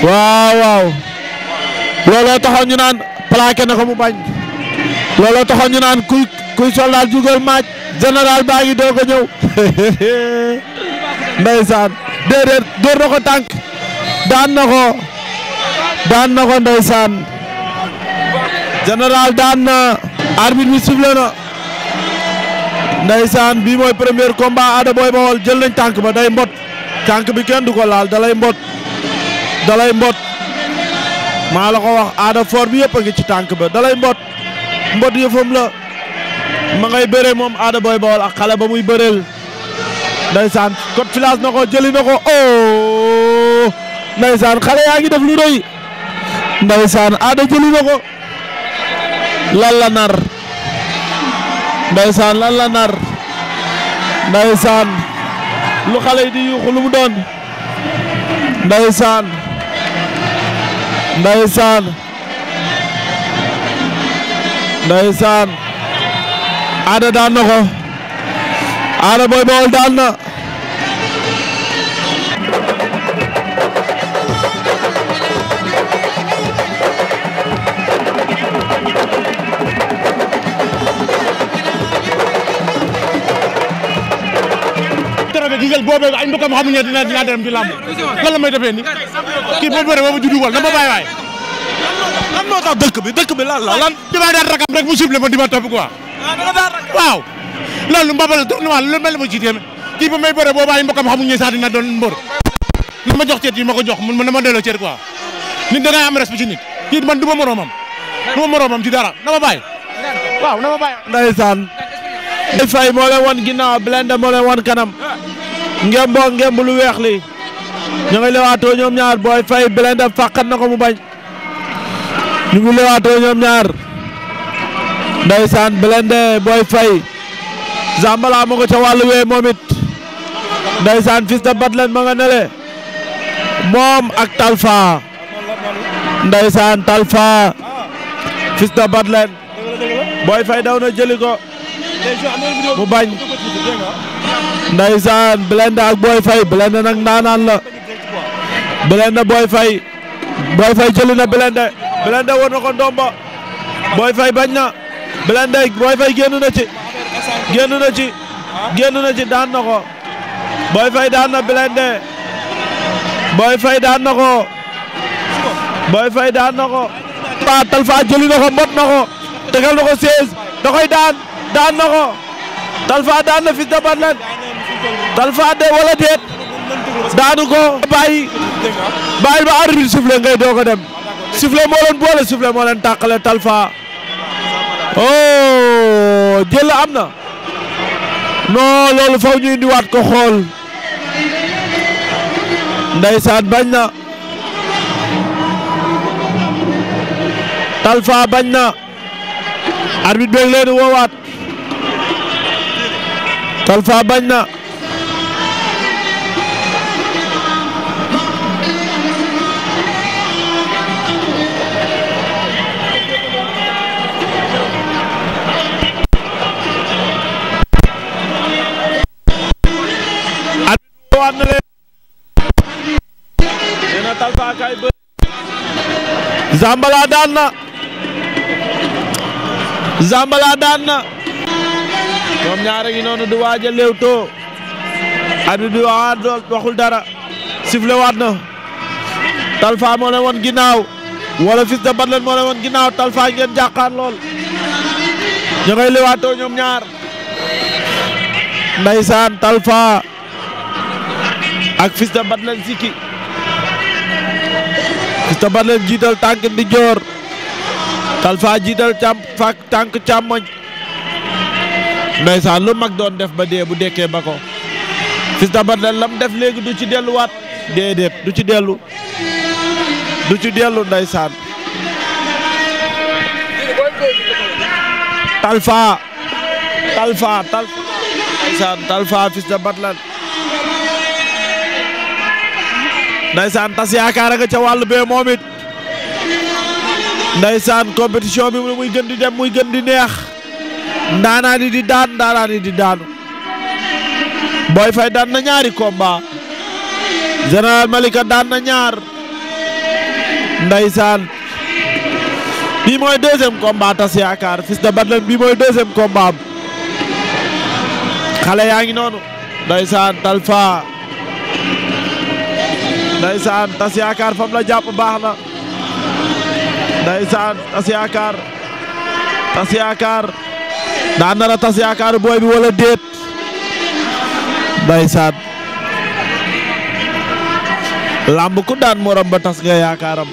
waaw waaw looloo taxaw ñu naan plaqué na ko mu bañ looloo taxaw ñu naan kuy kuy soldat jugal maaj général baa ngi doo ko ñëw ndeysaan déedéet dóor ko tànk daan na ko daan na daan na bi sifflé ndeysaan bii mooy premier combat Ada Boy Baol jël nañ tànk ba day mbot tànk bi kenn du ko laal dalay mbot dalay mbot maa la wax Ada fort bi yëpp a ngi ci tànk ba dalay mbot mbot yëfam la ma ngay bëree moom aada booy Baol ak xale ba muy bëreel ndeysaan code filage na ko jëli na ko oh ndeysaan xale yaa ngi def lu rëy ndeysaan Ada jëli na ko lan la nar ndaysaan lan la nar ndaysaan lu xale yi di yuuxu lu mu doon ndaysaan ndaysaan ndaysaan aada daan na ko aada booy daan na boobee ay mbokkam xamuñu ne dina dina dem di la may defee ni kii boo bëree ba ma juddu wal na ma bàyyi waay lan moo tax dëkk la lan ma daan rakam rek mu sible ma di ma topp quoi ah, ma ci téeme ba may bëree boobu ay mbokkam xamuñu na ma jox ceet yi ma ko jox mun na ma delloo ceet quoi nit da ngay am respect ci nit kii man ma moroomam du ma ci dara na ma bàyyi waaw na ma bàyyi ndeysaan Faye moo leen wan ginnaaw Blindé moo leen wan kanam ngemb boog lu weex li ñu ngi lewaatoo ñoom ñaar booy fay Blindé fàqat na ko mu bañ ñu ngi lewaatoo ñoom ñaar ndeysaan Blindé booy fay Zambala mu nga ca wàllu wee moom it ndeysaan fils de Batlen ma nga nele moom ak Talfa ndeysaan Talfa fils Batlen booy fay daw na jëli ko mu bañ ndeysaan Blindé ak Boy Faye Blindé nag ndaanaan la Blindé Boy Faye Boy Faye jëli na Blindé Blindé war na ko ndomba Boy Faye bañ na Blindé Boy Faye génn na ci génn na ci génn na ci daan na ko Boy daan na Blindé Boy Faye daan na ko Boy daan na ko Talfa jëli na ko mbot na ko tegal na ko daan daan na Talfa daan na Fils de Batlen Talfa de wala déet daanu ko bàyyi bàyyi ba arbitre sifflé ngay doog dem sifflé moo leen boole sifflé moo leen tàqale Talfa oh jël am na non loolu faw ñu indiwaat ko xool ndeysaan bañ na Talfa bañ na arbitre beeg leen woowaat Talfa bañ na waat na ñoom ñaare ngi noonu du waaj a léewtoo arbitre bi waxul dara sifflé waat na Talfa moo woon ginnaaw wala Fils de Batlem moo woon ginnaaw Talfa ngeen jàkkaar lool ña ngay lewaatoo ñoom ñaar ndaysaan Talfa ak Fils de Batlem sikki Fils de Batlem jiital tànk ndijoor Talfa jiital càmm tànk càmmoñ ndeysaan lu mag doon def ba dee bu dekkee ba ko Fils de Batlel lam def léegi du ci delluwaat déedéet du ci dellu du ci dellu ndeysaan Talfa Talfa Talfa ndeysaan Talfa Fils de tas yaakaar nga ca wàllu bee moom it ndeysaan compétition bi muy gën di dem muy gën di neex ndaanaan yi di daan ndaanaan yi di daanu Boy Faye daan na ñaari combat Général Malika daan na ñaar ndeysaan bii mooy deuxième combat tas yaakaar fils de Badlène bii mooy deuxième combat xale yaa ngi noonu ndeysaan Talfa ndeysaan tas yaakaar fam la jàpp baax na ndeysaan tas yaakaar tas daa nar a tas yaakaaru booy bi wala déet ndeysaan làmb ku daan morom ba tas nga yaakaaram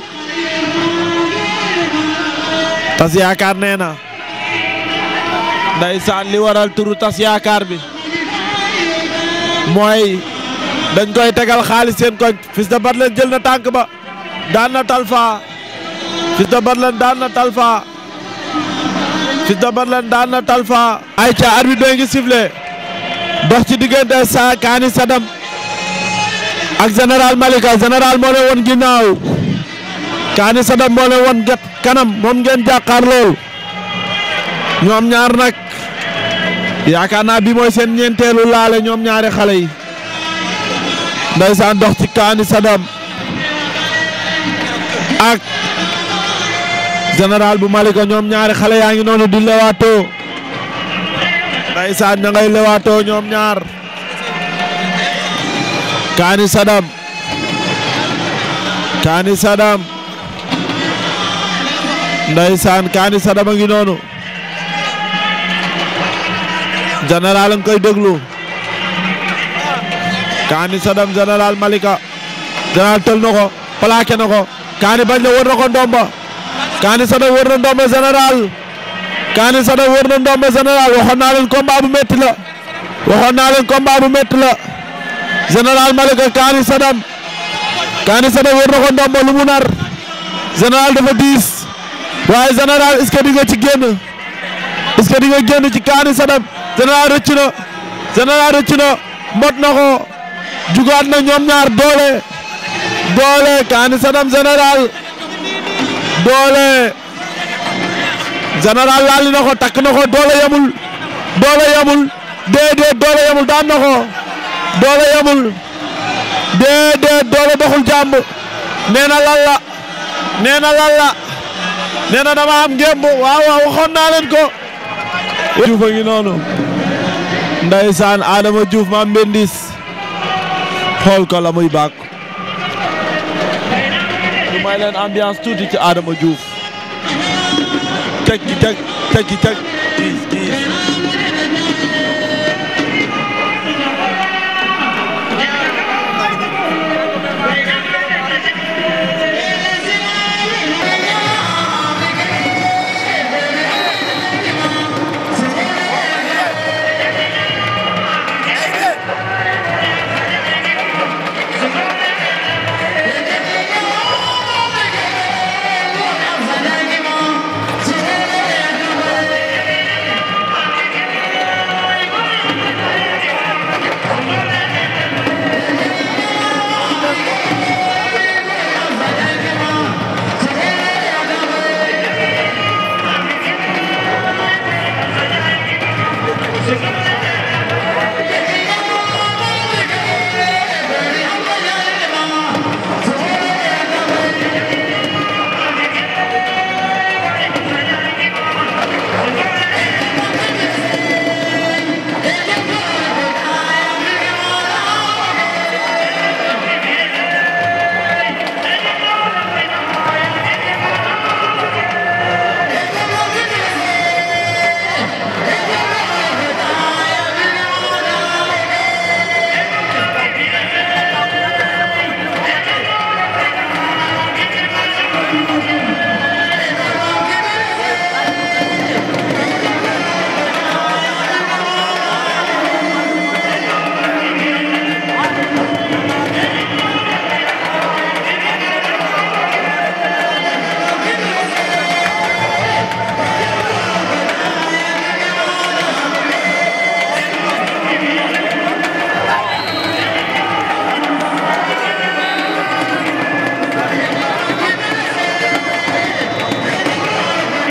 tas yaakaar nee na ndeysaan li waral turu tas yaakaar bi moy dañ koy tegal xaalis seen koñ Fils de Batlen jël na tànk ba daan na Talfa Fils de Batlen daan na Talfa Fils de Batlen daan na Talfa. ayca arbitre bi ngi sifflé dox ci diggante sa Kaani Sadam ak général Malika général moo leen won ginnaaw Kaani Sadam moo won gët kanam moom ngeen jàkkaar lool ñoom ñaar nag yaakaar naa bi mooy seen ñeenteelu laale ñoom ñaari xale yi ndeysaan dox ci Kaani Sadam ak. général bu Malika ñoom ñaari xale yaa ngi noonu di lewaatoo ndeysaan ña ngay lewaatoo ñoom ñaar Kaani Sadam Kaani Sadam ndeysaan Kaani Sadam a ngi noonu général a ngi koy déglu Kaani Sadam général Malika général tël na ko plaqué na Kaani bañ na wër na ko ndomba kaani Sada wër na ndombe général Kani Sada wër na ndombe général waxoon naa bu métti la waxoon naa leen combat bu wër na ko ndombe lu mu nar waaye général est-ce ci génn est-ce que ci kaani Sada général rëcc na général rëcc ko jugaat ñoom ñaar doole doole Kani Sada général. doole général laal na ko takk na ko doole yamul doole yamul déedéet doole yamul daan na ko doole doxul jàmb nee na lan la nee na lan la nee na dama ko. Diouf a ngi noonu ndeysaan Adama Diouf maam Mbendis xool ko la muy bàkk may leen ambiance tuuti ci Adama Diouf teg gi teg teg gi teg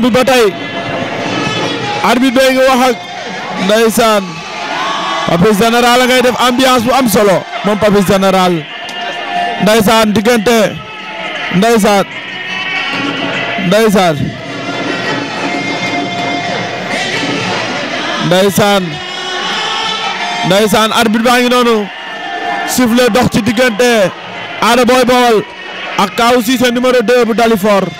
bi ba tey arbitre bi nga wax ak ndeysaan Papis Général ngay def ambiance bu am solo moom Papis Général ndeysaan diggante ndeysaan ndeysaan ndeysaan ndeysaan arbitre baa ngi noonu sifflet dox ci diggante Ada Boy Baol ak Kaaw Cissé numéro 2 bu Dalifort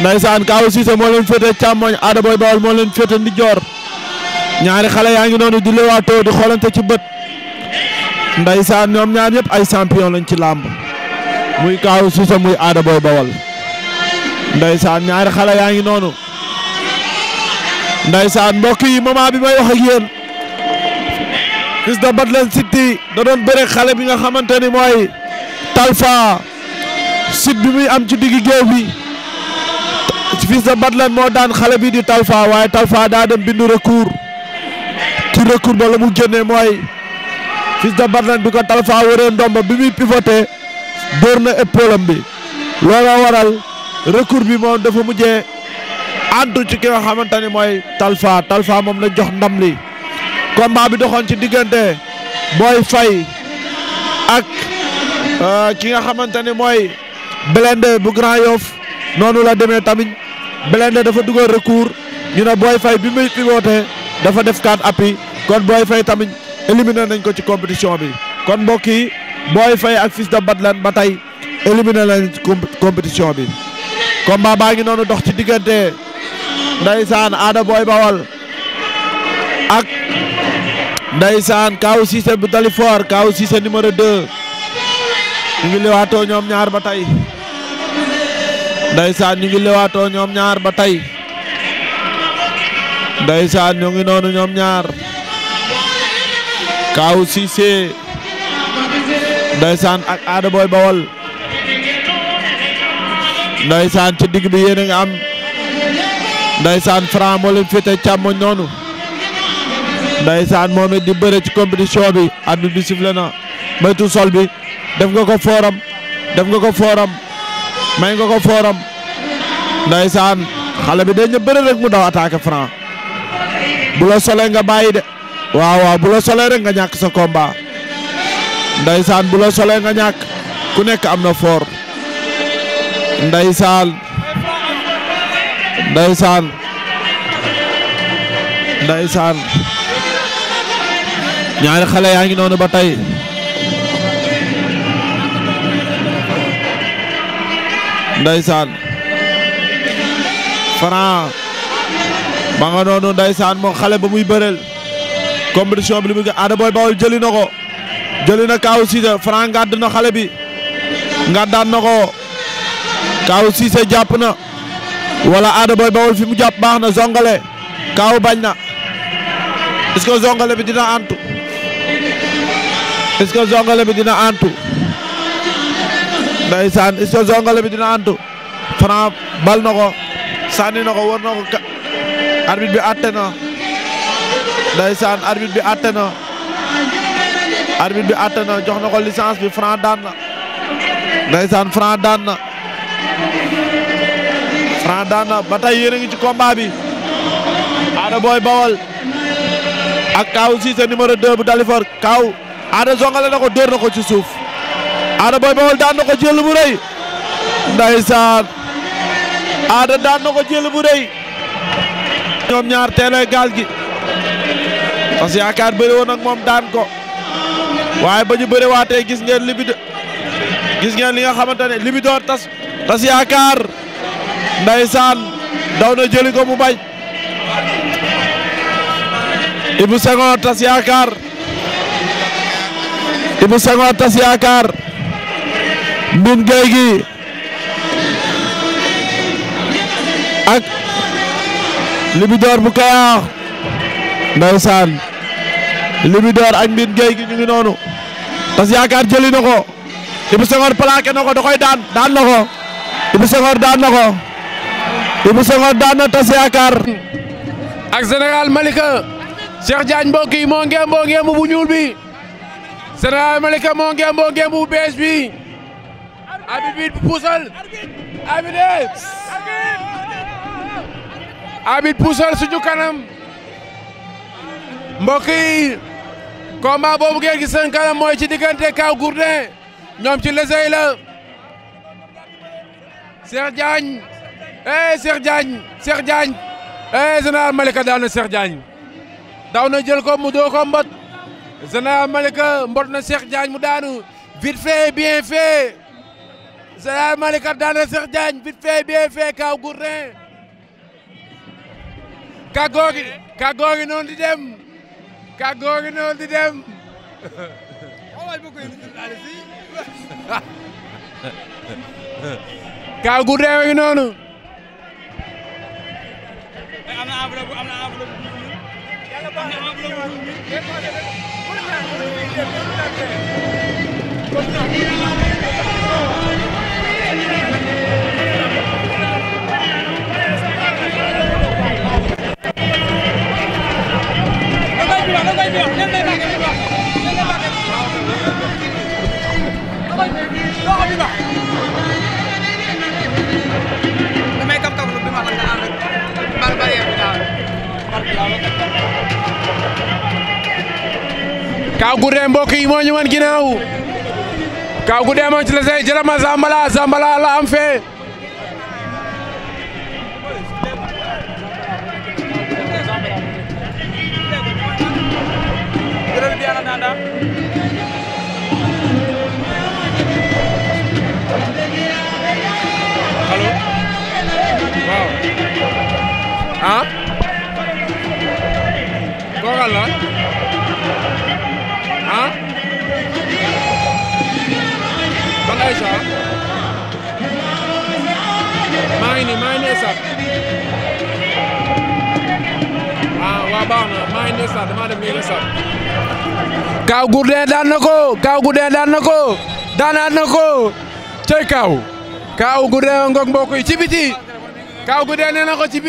ndaysaan Kaaw Cissé moo leen féete càmmoñ Ada Boy Baol moo leen féete ndijoor ñaari xale yaa ngi noonu di lewaatoo di xoolante ci bët saan ñoom ñaar ñëpp ay champion lañ ci làmb muy Kaaw Cissé muy booy Boy Baol ndaysaan ñaari xale yaa ngi noonu ndaysaan mbokk yi moment bi may wax ak yéen fils de Batlen City da doon bëre xale bi nga xamante ni mooy Talfa site bi muy am ci digg géew bi fils de moo daan xale bi di Talfa waaye Talfa daa dem bindu recours ci recours ba la mu génnee mooy fils de Badlen bi ko Talfa wëree ndomba bi muy pivoté dóor na épaule am bi looloo waral recours bi moom dafa mujjee àddu ci ki nga xamante ni mooy Talfa Talfa moom la jox ndam li combat bi doxoon ci diggante Boy Faye ak euh, ki nga xamante ni mooy Blindé bu Grand Yoff noonu la demee tamit Blindé dafa dugal recours ñu ne booy fay bi muy pivoté dafa def quatre appuis kon booy fay tamit éliminé nañ ko ci compétition bi kon mbokk yi Boy Faye ak Fils de Batlan ba tey éliminé nañ compétition bi combat baa ngi noonu dox ci diggante ndeysaan Ada Boy Bawal ak ndeysaan Kaaw Cissé bu Dalifor Kaaw Cissé numéro 2 ñu ngi leewaatoo ñoom ñaar ba tey ndeysaan ñu ngi ñoom ñaar ba tey ndeysaan ñu ngi noonu ñoom ñaar Kaaw Cissé ndeysaan ak Ada Boy Bawol ndeysaan ci digg bi yéen a ngi am ndeysaan Franc moo leen féete càmmoñ noonu ndeysaan moom it di bëre ci compétition bi addu bi sifle na moytu sol bi def nga ko def nga ko fooram may nga ko fooram ndeysaan xale bi day ñëw bëre rek mu daw attaqué Franc bu la solee nga bàyyi de waaw waaw bu la rek nga ñàkk sa combat ndeysaan bu la solee nga ñàkk ku nekk am na foor ndeysaan ndeysaan ndeysaan ñaari xale yaa ngi noonu ba tay ndeysaan Franc ma nga noonu ndeysaan ba muy bëreel compétition bi li muy gën Ada Boy Baol jëli na ko jëli na Kaaw Cissé Franc ngàdd na xale bi ngàddaan na ko Kaaw Cissé jàpp na wala Ada Boy Baol fi mu jàpp baax na zongale Kaaw bañ na est-ce que bi dina antu est-ce que bi dina antu. ndeysaan sa zongale bi dina antu Franc bal na ko sànni na ko war na ko ka bi attena day ndeysaan arbitre bi attena na bi attena na jox na ko licence bi fran daan na ndeysaan Franc daan na Franc daan na ba tey yéen a ngi ci combat bi Ada Boy Bawol ak Kaaw Cissé numéro 2 bu Dalifor Kaaw Ada zongale ko dóor ko ci suuf Ada Boy Baol daan na ko jël bu rëy ndeysaan Ada daan na ko jël bu rëy ñoom ñaar teeloy gaal gi parce que yaakaar bëri woon ak moom daan ko waaye ba ñu bëri waatee gis ngeen li bi nga xamante ne li bi door tas tas yaakaar ndeysaan daw na jëli ko mu bañ Ibou Senghor tas yaakaar Ibou Senghor tas yaakaar Mbine Gueye gi ak Libidor bu Kayar ndeysaan Libidor ak Mbine Gueye gi ñu noonu tas yaakaar jëli na ko Ibou Senghor plaqué daan daan na ko daan na ko daan na tas yaakaar ak général Malika Cheikh Diagne mbokk yi moo ngeem boo bi général Malika moo ngeem boo ngeem bi arbitre bi puusal. arbitre. arbitre puusal suñu kanam. mbokk yi. boobu ngeen gis kanam mooy ci diggante Kaw Gourdin ñoom ci lesey la. Cheikh Diagne. eh Cheikh Diagne Cheikh Diagne. eh général Malika daan na Cheikh Diagne. daw na jël ko doo ko mbot. général Malika mbot na Cheikh Diagne mu daanu. vite fait bien fait. Général Malika daan na Cheikh Diagne vite kaw Gourdin kàggoo gi kàggoo gi noonu di dem kàggoo gi noonu di dem. kaw Gourdin wa noonu. Kaw Gourdin mbokk yi moo ñu wan ginnaaw kaw gu demoon ci la say jërëma Zambala Zambala la am fee ah kooku la ah. man Aïcha maa ngi nii maa ngi nee sax ah waa baax ko Kaaw Gourdin daan na ko daanaat na ko cey Kaaw Kaaw Gourdin ngoog mbokk yi ci biti Kaaw Gourdin nee na ko ci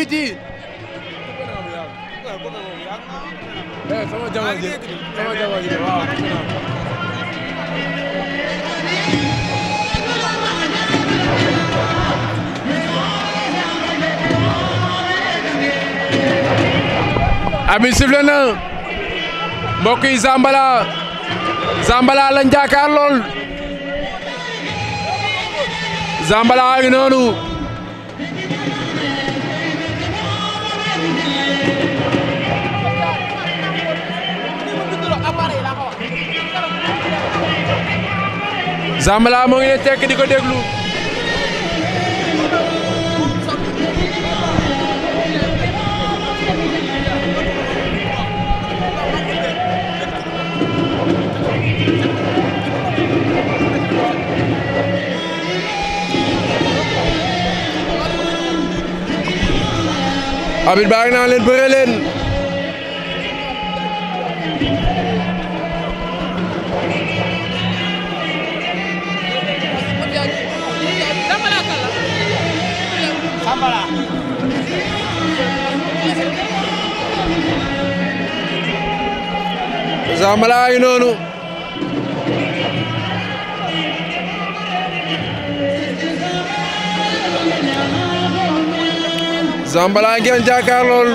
abi sifle na mbokk yi sambala Zambala lañ jaakaar lool Zambala a ngi noonu Zambala moo ngi ne tekk di ko déglu abit baa ngi naan leen bëre leen Zambala ngi noonu Zambala ngeen jàkkaar lool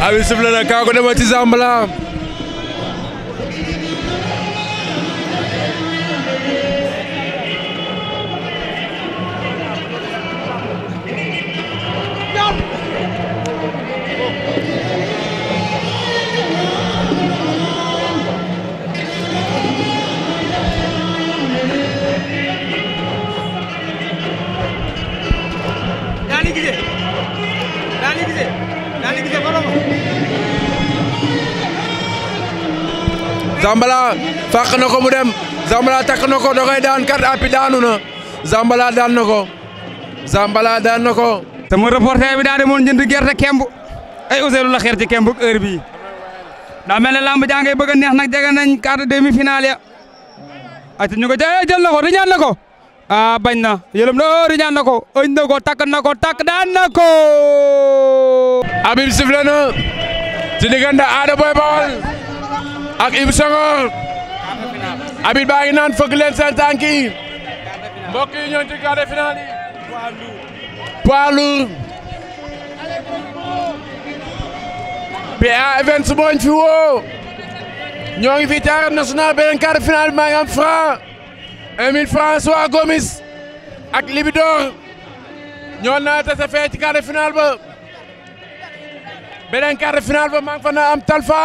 abi sifle na Kago demal ci Zambala Zambala fàq na ko mu dem Zambala takk na ko da koy daan carte à appui daanu na Zambala daan na ko Zambala daan na ko. sama reporter bi daa demoon jënd gerte kemb ay Ousseynou la xeer ci kemb heure bii daa mel ne lamb jaa ngay neex nag jege nañ quart de demi finale ya. ati ñu ko jël na ko riñaan na ko bañ na yëlum na riñaan na ko ëñ na ko takk na ko takk daan na ko. Habib sifle na ci diggante Ada Boy Bawal. ak Ibou Senghor abit naan fëgg leen seen tànk yi mbokk yi ci quart de finale yi poids lourd PA Events fi woo ñoo ngi fi Arène Nationale beneen quart de finale maa ngi am franc un mille François Gomis ak Libidor ñoo naa tase fee ci quart ba beneen quart de ba maa ngi am Talfa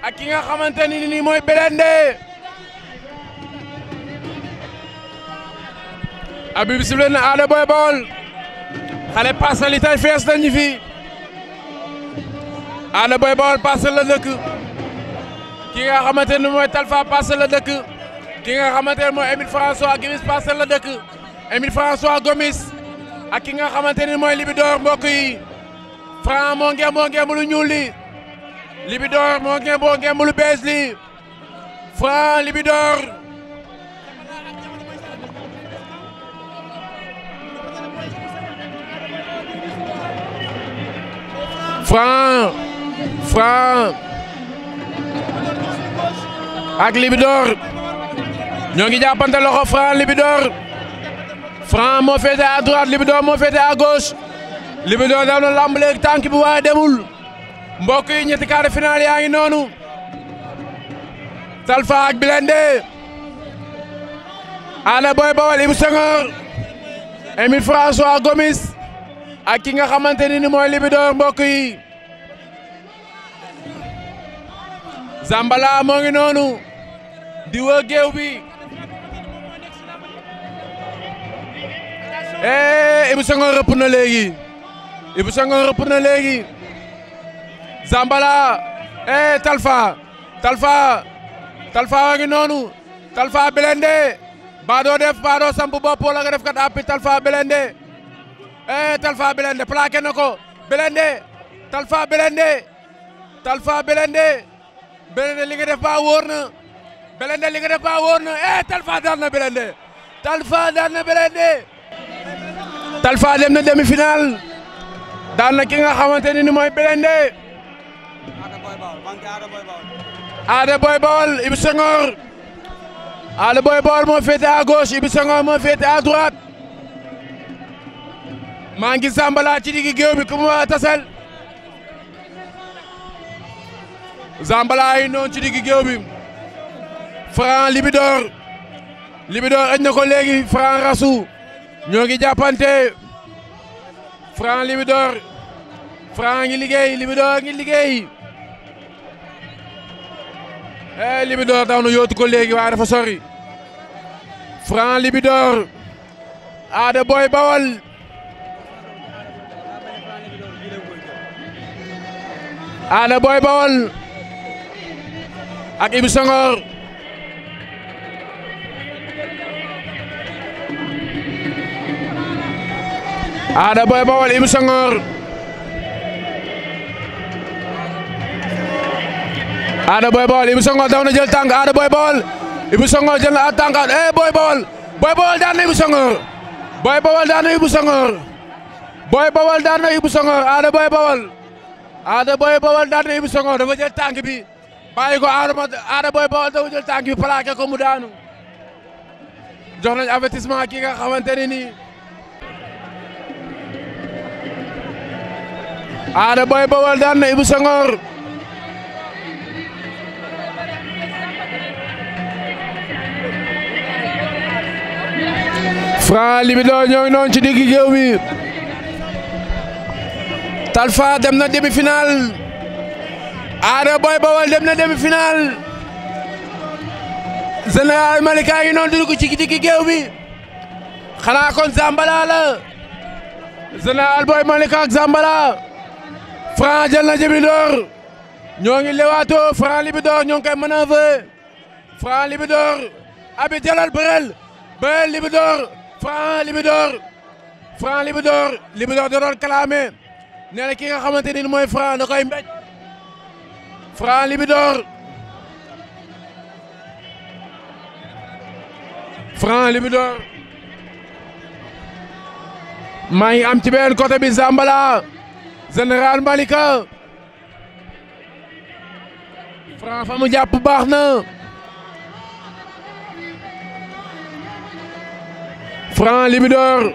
ak ki nga xamante ni nii mooy Blindé abi bi sifle na Ada xale Parcelles yi tey fees nañu fi Ada Boy Baol Parcelles la dëkk ki nga xamante ni mooy Talfa Parcelles la dëkk ki nga xamante ni mooy Émile François Gomis Parcelles la dëkk Émile François Gomis ak ki nga xamante ni mooy Libidor mbokk yi Franc moo ngeem moo ngeem lu ñuul li Libidor moo gën boo gën lu bees li Franc ak Libidor ñoo ngi jàppante loxo Franc Libidor moo féete à droite moo féete à gauche Libidor daw na lamb léegi tànk demul mbokk yi ñetti quart de finale yaa ngi noonu Talfa ak Blindé ana Boy Bawol Ibou Senghor Émile Gomis ak ki nga xamante ni mooy Libidor mbokk yi moo ngi noonu di wër géew bi eh Ibou Senghor rëpp na léegi Ibou Senghor rëpp na léegi Zambala eh Talfa Talfa Talfa waa noonu Talfa Belende baadoo def baadoo samp bopp la nga def kat appi Talfa Belende eh Talfa Belende plaqué na ko Belende Talfa Belende Talfa Belende Belende li nga def ba wóor na Belende li nga def ba wóor na eh Talfa daan na Belende Talfa daan na Belende Talfa dem na demi-finale xamante ni Ada Boy Baol Ibu Senghor Ada Boy Baol moo féete à gauche Ibu Senghor moo féete à droite maa ngi Zambala ci diggi géew bi ku mu tasel Zambala yi noonu ci diggi géew bi Franc Libidor Libidor añ ko léegi Franc rasu ñoo ngi jàppante Franc Libidor Franc ngi liggéey Libidor ngi liggéey eh Libidor daw na yóotu ko léegi waaye dafa sori Franc Libidor Ada Boy Bawol Ada Boy Bawol ak Ibu Senghor Boy Bawol Ibu Ada Boy Baol Ibou Senghor daw na jël tànk Ada Boy Baol Ibou Senghor jël na tànk eh Boy Baol Boy Baol daan na Ibou Senghor Boy Baol daan na Ibou Senghor Ada Boy Baol Ada Boy Baol daan na Ibou Senghor dafa jël bi bàyyi Ada Boy mu daanu jox nañ ki nga xamante ne nii Ada Boy Baol daan na Ibou Franc Libido ñoo ngi noonu ci digg géew mi Talfa dem na demi-finale Ada Boy Bawol dem na demi-finale Général Malika ngi noonu dugg ci digg géew mi xanaa kon Zambala la Général Boy Malika ak Zambala Franc na jëbi door ñoo ngi lewaatoo Franc Libido ñoo ngi koy manœuvre Franc Libido abi jëlal bërel bërel Libido Franc Libidor Franc Libidor Libidor da doon clamé nee na ki nga xamante ni mooy Franc da koy mbéj Franc Libidor Franc Libidor ngi am ci benn côté bi Zambala général Malika Franc fa mu baax na Franc Libidor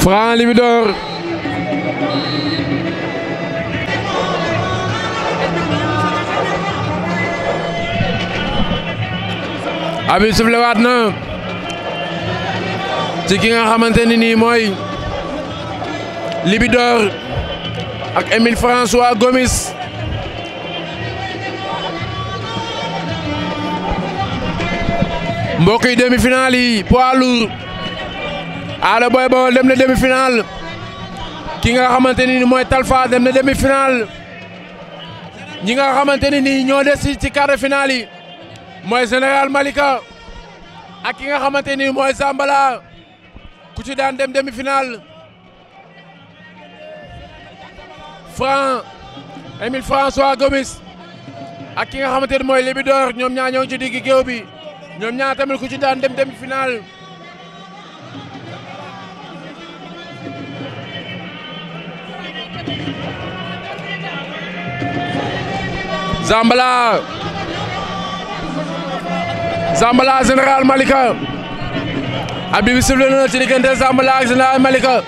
Franc Libidor abi sufle na ci ki nga xamante ni nii mooy Libidor ak Émile François Gomis mbokk yi demi-finale yi poids lourd Ada Boy Baol dem na demi-finale ki nga xamante ni mooy Talfa dem na demi-finale ñi nga xamante ni nii ñoo des ci quart de mooy général Malika ak ki nga xamante ni mooy Zambala ku ci daan dem dem demi-finale Franc Émile François Gomis ak ki nga xamante ni mooy Libidor ñoom ñaa ñoo ngi ci digg géew bi ñoom ñaa tamit ku ci daan dem demi-finale Zambala Zambala général Malika abi bi sifle na ci diggante Malika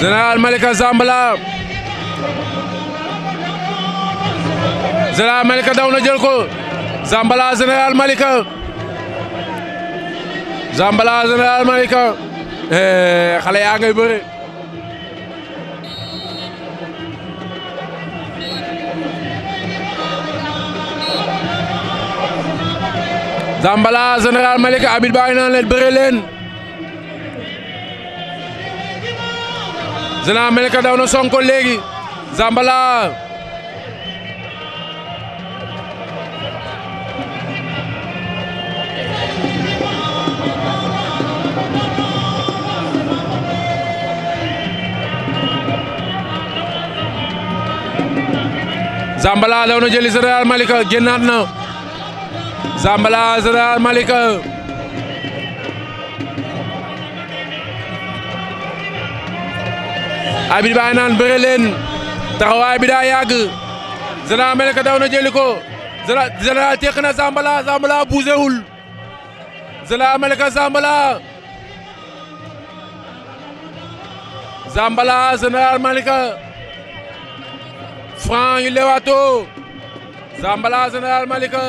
général Malika Zambala général Malika daw na jël ko Zambala général Malika Zambala général Malika eh, xale yaa ngay bëre Zambala général Malika abit baa naan leen bëre leen Général Malika daw na Sonko léegi Zambala Zambala daw na jëli Général Malika génnaat na Zambala Général Malika abi baa naan bëre leen taxawaay bi daa yàgg Général Malika daw na jëli ko Général teq na Zambala Zambala bougéwul Général Malika Zambala Zambala Général Malika Franc yu lewato Zambala Général Malika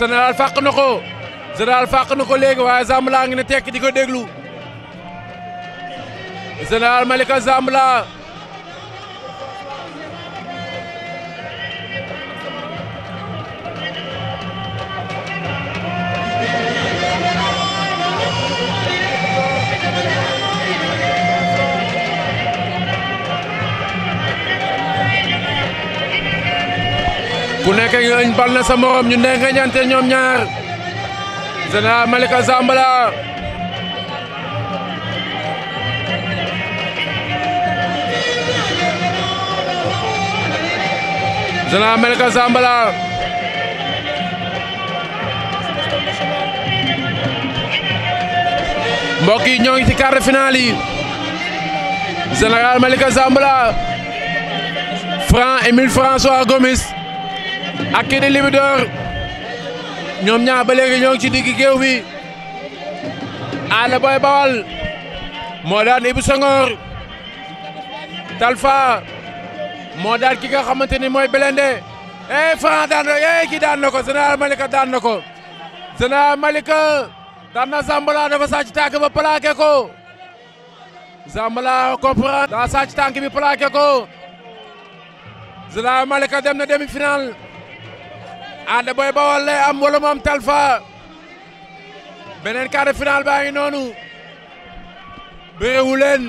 Général fàq na ko général fàq na ko léegi waaye Zambala ngi ne tekki di ko déglu général Malika Zambala ku nekk ñu bal na sa morom ñu ndengeñante ñoom ñaar Général Malika Zambala Général Malika Zambala mbokk yi ñoo ci quart de Général Malika Zambala Franc Émile François Gomis ak di Libidor ñoom ñaar ba léegi ñoo ci digg géew bi Aada Boy Bawal moo daan Ibou Senghor Talfa moo daan ki xamante ni mooy Belende eh Franc daan na eh kii daan na ko Général Malika daan na ko Général Malika daan na Zambala dafa sàcc tànk ba plaqué ko Zambala comprendre Malika dem demi-finale Ada Boy Baol lay am Talfa beneen quart de finale baa ngi noonu bërewu leen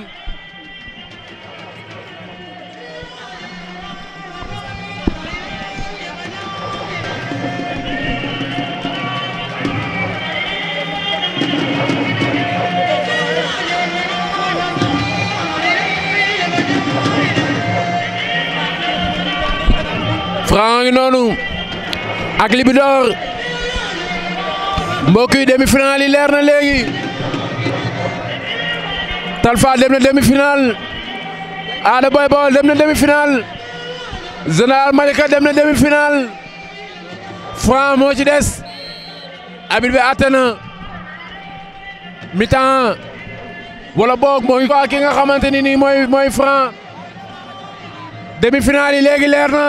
Franc ngi noonu ak Libidor mbokk yi demi-finale yi leer na léegi Talfa dem na demi-finale Ada Boy Baol dem na demi-finale Général Malika dem na demi-finale Franc moo ci des abit bi àtte na mi-temps boog moo ko ak ki nga xamante ni nii mooy mooy Franc demi-finale yi léegi leer na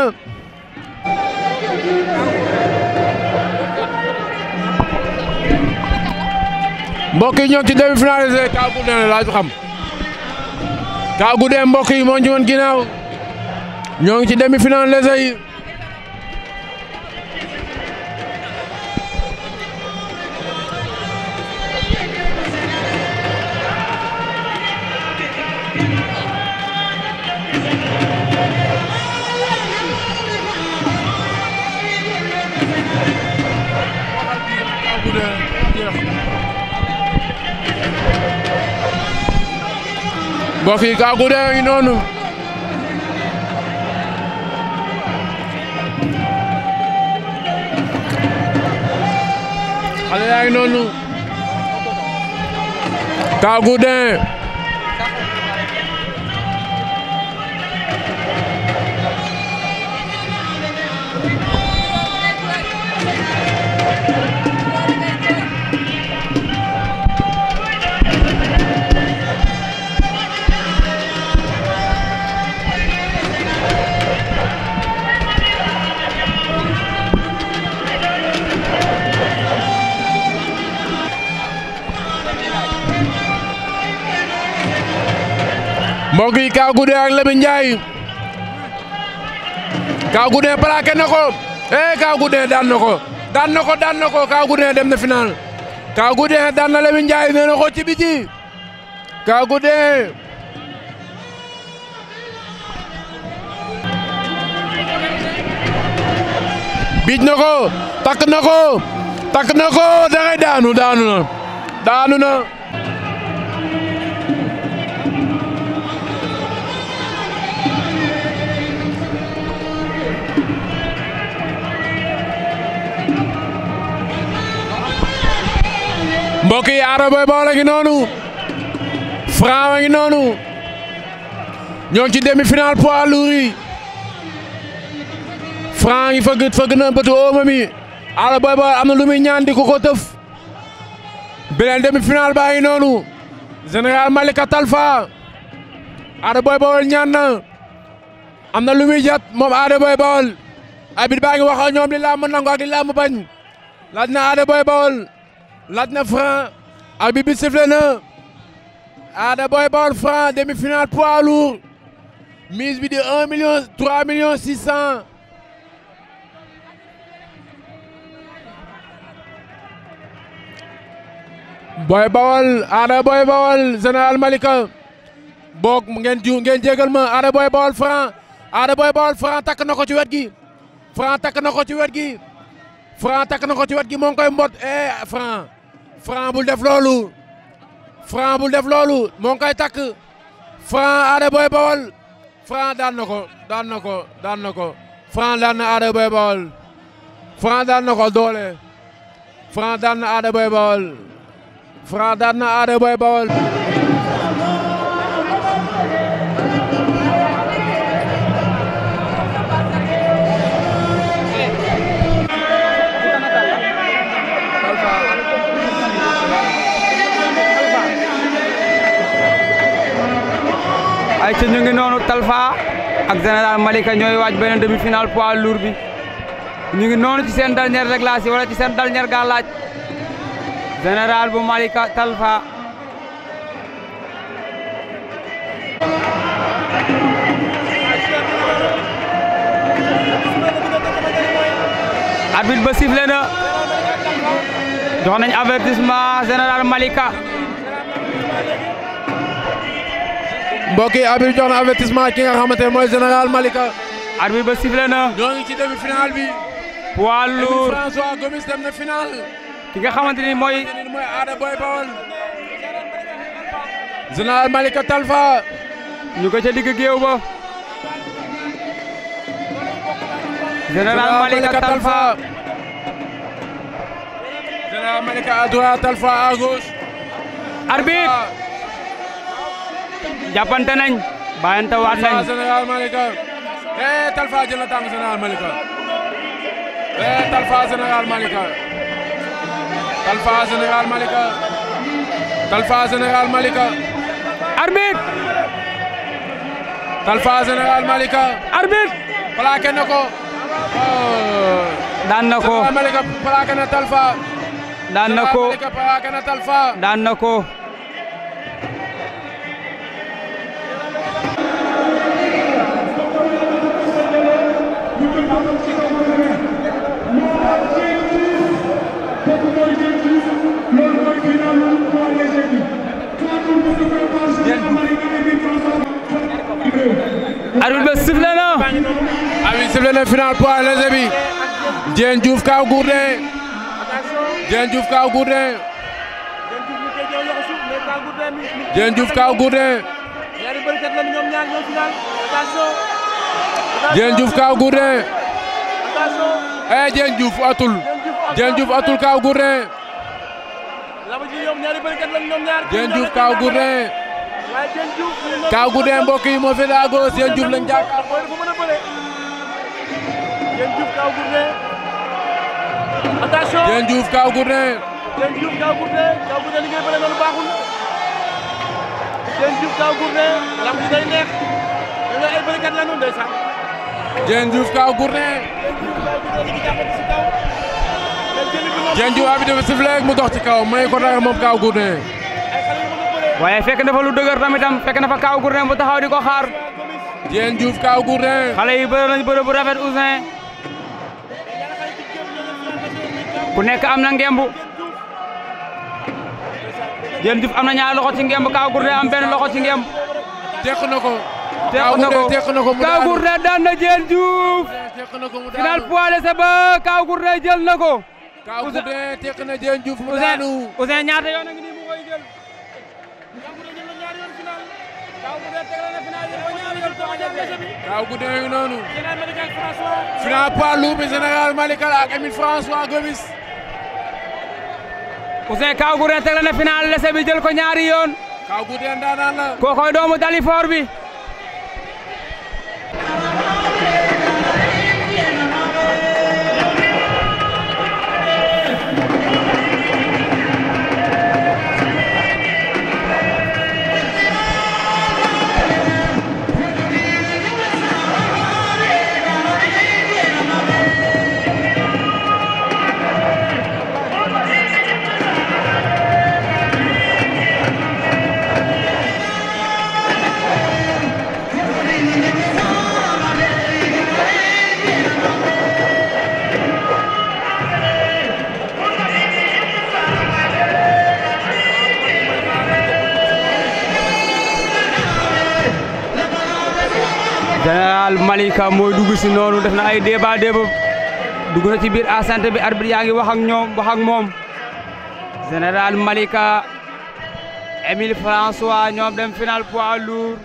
mbokk yi ci demi-finale Kaa Gourdin la laaj xam Kaa Gourdin mbokk yi moo ñu ginaaw ginnaaw ngi ci demi-finale yi. mbokk yi Gagou 2 ngi noonu xale mbokk yi Kaw Gourdin ak Lamine Ndiaye Kaw Gourdin plaqué na ko eh Kaw Gourdin daan na ko daan na ko daan na ko Kaw Gourdin dem na final Kaw biti Kaw Gourdin biij na ko takk na ko daanu daanu na daanu na mbokk yi Ada Boy Baol ngi noonu Franc a ngi noonu ñoo ci demi-finale poids lourd yi Franc ngi fëgg fëgg na bëtu ooma Ada Boy Baol am na lu muy ñaan di ko ko demi-finale baa ngi noonu Général Malika Talfa Ada Boy Baol ñaan na am na lu muy jat moom Ada Boy Baol abit baa ngi wax ñoom li làmb nangu ak li làmb bañ laaj Ada Boy Baol laaj na Franc arbitre bi sifflé na Ada Boy Baol Franc demi-finale poids lourd mise bi di 1 million 3 millions 600 Boy Baol Ada Boy Baol Général Malika boog ngeen ju ngeen jégal ma Ada Boy Baol Franc Ada Boy Baol Franc takk na ko ci wet gi Franc takk na ko ci wet gi Franc takk na ko ci wet gi moo ngi koy mbot eh Franc Franc bul def loolu Franc bul def loolu moo ngi koy takk Franc Ada Boy Baol Franc daan na ko daan na daan na ko daan na Ada Boy Baol Franc daan na doole Franc daan na Ada Boy Baol Franc daan na Ada Boy Baol ci ñu ngi noonu Talfa ak général Malika ñooy waaj beneen demi final poids lourd bi ñu ngi noonu ci seen dernière réglage yi wala ci seen dernière gàllaaj général bu Malika Talfa. arbitre ba sifflé na jox nañ avertissement général Malika. mbokk yi abir jox na avertissement ki nga xamante ne mooy général Malika. arbitre ba sifflé na. ñoo ngi ci demi final bi. poids lourd François Gomis dem na final. ki nga xamante ni mooy. mooy Ada Boy Bawol. général Malika Talfa. ñu ko ca digg géew ba. général Malika Talfa. général Malika jàppante nañ bàyyante waat nañ général Malika eh Talfa na tànk général Malika eh Talfa général Malika Talfa Malika Talfa général Malika Malika arbitre plaqué na Malika plaqué na na ko daan na ko arbitre bi sifflé na arbitre sifflé na final poids léger bi Diène Diouf Kaw Gourdin Diène Diouf Kaw Gourdin Diène Diouf Kaw Gourdin Diène Diouf Kaw Gourdin eh Diène Diouf atul Diène Diouf atul Kaw Gourdin lama ji ñoom ñaari bërikat lañ ñoom ñaar. Diène Diouf Kaw Gourdin. waaye Diène Diouf. moo fi la gauche Diène Diouf lañ jàpp. mooy dafa mën a bëre. Diène Kaw Gourdin. attention Diène Kaw Gourdin. Diène Diouf Kaw Gourdin Kaw Gourdin li ngay bëre noonu baaxul. Kaw Gourdin lam ji day neex. ñu ne ay Kaw Gourdin. Diène Kaw Gourdin Dieng Diouf arbitre bi sifflé mu dox ci kaw may ko dara moom Kaw Gourdin waaye fekk na fa lu dëgër tamit fekk na fa Kaw Gourdin bu taxaw di ko xaar Dieng Diouf Kaw Gourdin xale yi bëri nañ bëri bu rafet Ouzin ku nekk am na ngemb Dieng Diouf am na ñaar loxo ci ngemb Kaw Gourdin am benn loxo ci ngemb tekk na ko tekk na ko na ko Kaw Gourdin daan na Dieng Diouf final poids léger ba Kaw Gourdin jël na ko Kaaw Gourdin tekk na Diène daanu. Ousseyn ñaata a ngi ñaari yoon bi. Kaaw Gourdin ak François. final poids lourd bi Général Malika ak Emile François Gomis. Ousseyn ko ñaari yoon. Kaaw Gourdin daanaan la. kookoy doomu Dalifor Malika mooy dugg si noonu def na ay débat débat dugg na ci biir asante bi arbitre yaa ngi wax ak ñoom wax ak moom général Malika Émile François ñoom dem final poids lourd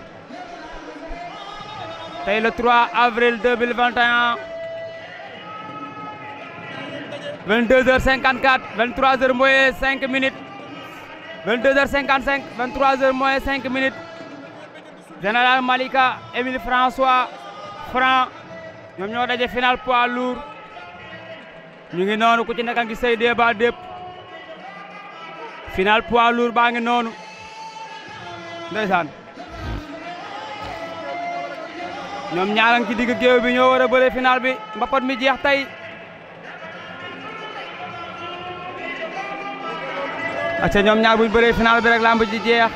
tey le 3 avril 2021 22h54 23h mooy 5 minutes 22h55 23h mooy 5 minutes général Malika Émile franc ñoom ñoo daje final poids lourd ñu ngi noonu ku ci nekk a ngi say débat dépp final poids lourd baa ngi noonu ndeysaan ñoom ñaar a ngi ci digg géew bi ñoo war a bëre final bi mbapat mi jeex tey acca ñoom ñaar buñ bëree final bi rek lamb ji jeex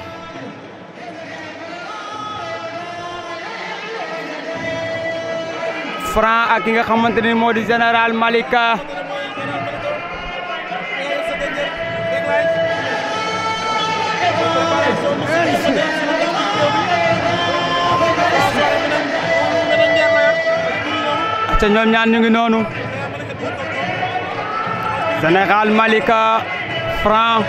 Franc ak ki nga xamante ni moo di général Malika ca ñoom ñaan ñu noonu général Malika Franc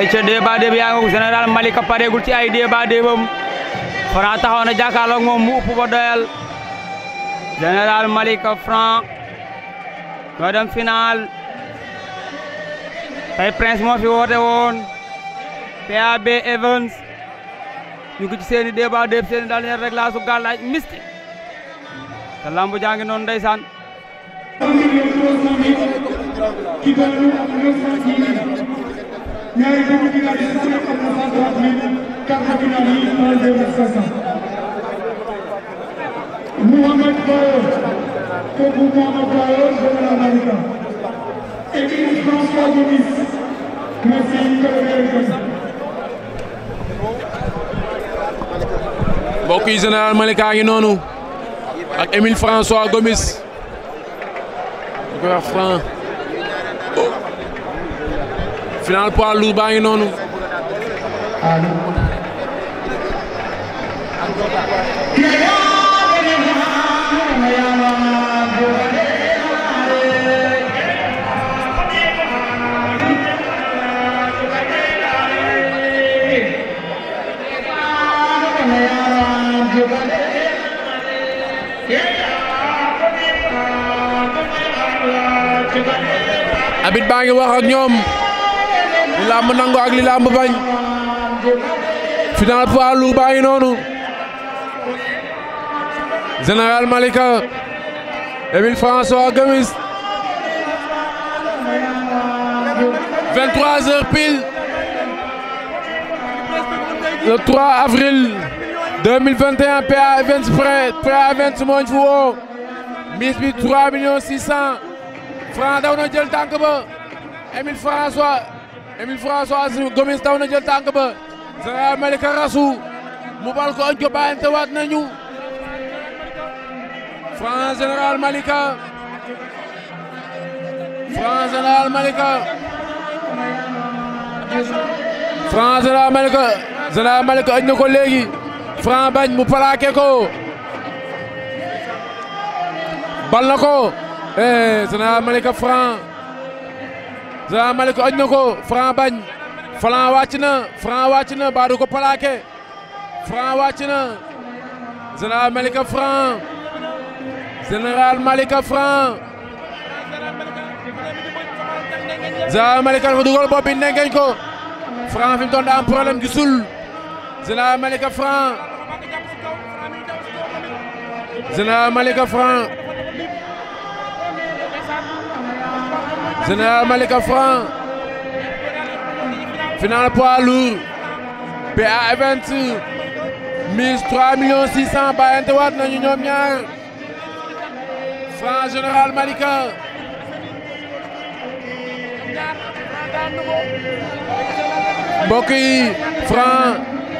ay ca débat déb yaa ngi général Malika pareegul ci ay débat débam Franc taxaw na jàkkaarloog moom mu upp ba doyal général Malika Franc ñoo dem final tey Prince moo woote woon PAB Evans ñu ngi ci seeni débat déb seeni dernier réglage su gàllaaj mystique te lambu jaa ngi noonu ndeysaan ñaari dugub ji daal di leen am na 130 mille carte finale yi 32 500. Mouhamed Bayor kooku Mouhamed Bayor doomu la Malika. équipe François Gomis merci mbokk yi général Malika ngi noonu ak Émile François Gomis. Franc. final poids lourd baa ngi noonu abit baa ngi wax ak ñoom li làmb nangu ak li làmb bañ final poids lourd baa ngi noonu général Malika Émile François Gomis 23 heures pile le 3 avril 2021 PA Events prêt PA Events mooñ fu woo mise bi 3 millions 600 francs daw na jël tànk ba Émile François Gomis taw na jël tànk ba Général Malika rasu mu bal ko añ ko bàyyante nañu Franc Général Malika Franc Général Malika Franc Malika Général na ko léegi Franc bañ mu plaqué ko bal ko eh Malika Franc Général Malika añ na ko Franc bañ Franc wàcc na Franc wàcc na baadu ko plaqué Franc wàcc na Général Malika Franc Général Malika Franc Général Malika dafa dugal bopp bi ndengeñ ko Franc fi mu doon am problème gisul Général Malika Franc Général Malika Franc général Malika Franc final poids lourd PA Events mise 3 millions 600 bàyyante waat nañu ñoom ñaar Franc général Malika mbokk yi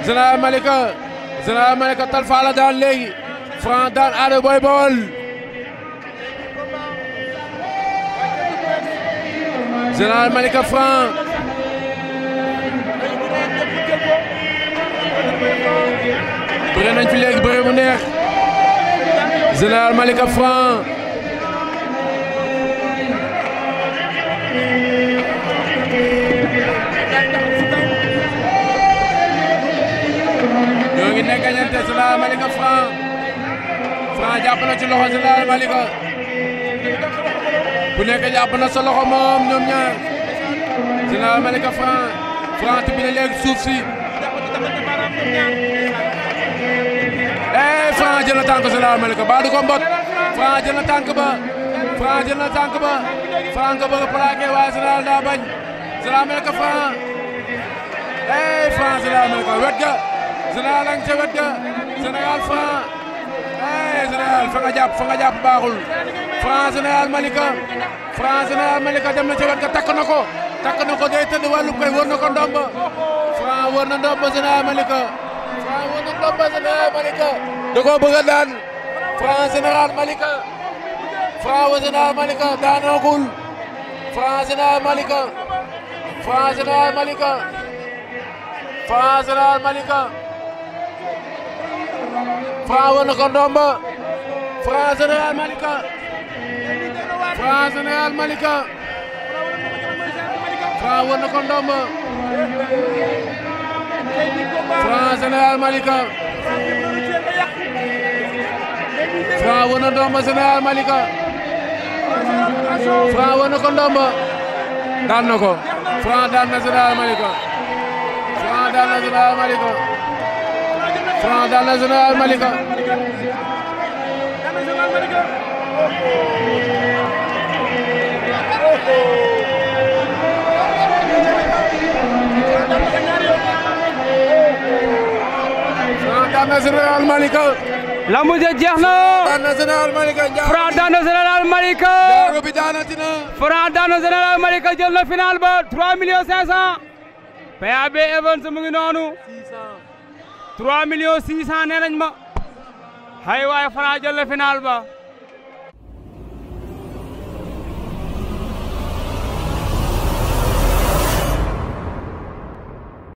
général Malika général Malika Talfa la daan léegi Franc daan Ada Boy Baol Général Malika Franc bëre nañ fi léegi bëre bu neex Général Malika Franc ñoo ngi nekk ñeente Général Malika Franc Franc jàpp na ci loxo Général Malika bu nekk jàpp na sa loxo moom ñoom ñaar Général Malika Franc Franc bi ne léegi suuf si eh Franc jël na tànk Général Malika ba du ko mbot Franc jël na tànk ba Franc jël na tànk ba Franc nga bëgg a plaqué waaye Général daa bañ Général Malika Franc eh Franc Général Malika wet ga Général lañ ca wet ga Général Franc eh Général fa nga jàpp fa nga jàpp baaxul. Franc Général Malika Franc Général Malika dem na ci wet ga takk na ko takk na ko day tëdd wàllu koy wër na ko ndomba Franc wër na ndomba Général Malika Franc wër na ndomba Général Malika da koo bëgg a daan Franc Général Malika Franc Général Malika daanoogul Franc Général Malika Franc Général Malika Franc Général Malika Franc wër na ko ndomba Franc Général Malika Franc Général Malika Franc war na ko ndomb Franc Général Malika Franc war na ndomb Général Malika Franc war na ko ndomb daan na ko Franc daan na Général Malika Franc daan na Général Malika Franc daan na Général Malika Franc Général Malika. Lamb ja jeex na. Franc Général Malika. Franc daan na Général Malika. Jaaro bi daanatina. Franc daan na Malika jël na ba 3 millions 500. PAB Evans mu ngi noonu. 3 millions 600 ma. hay waay Franc jël na ba.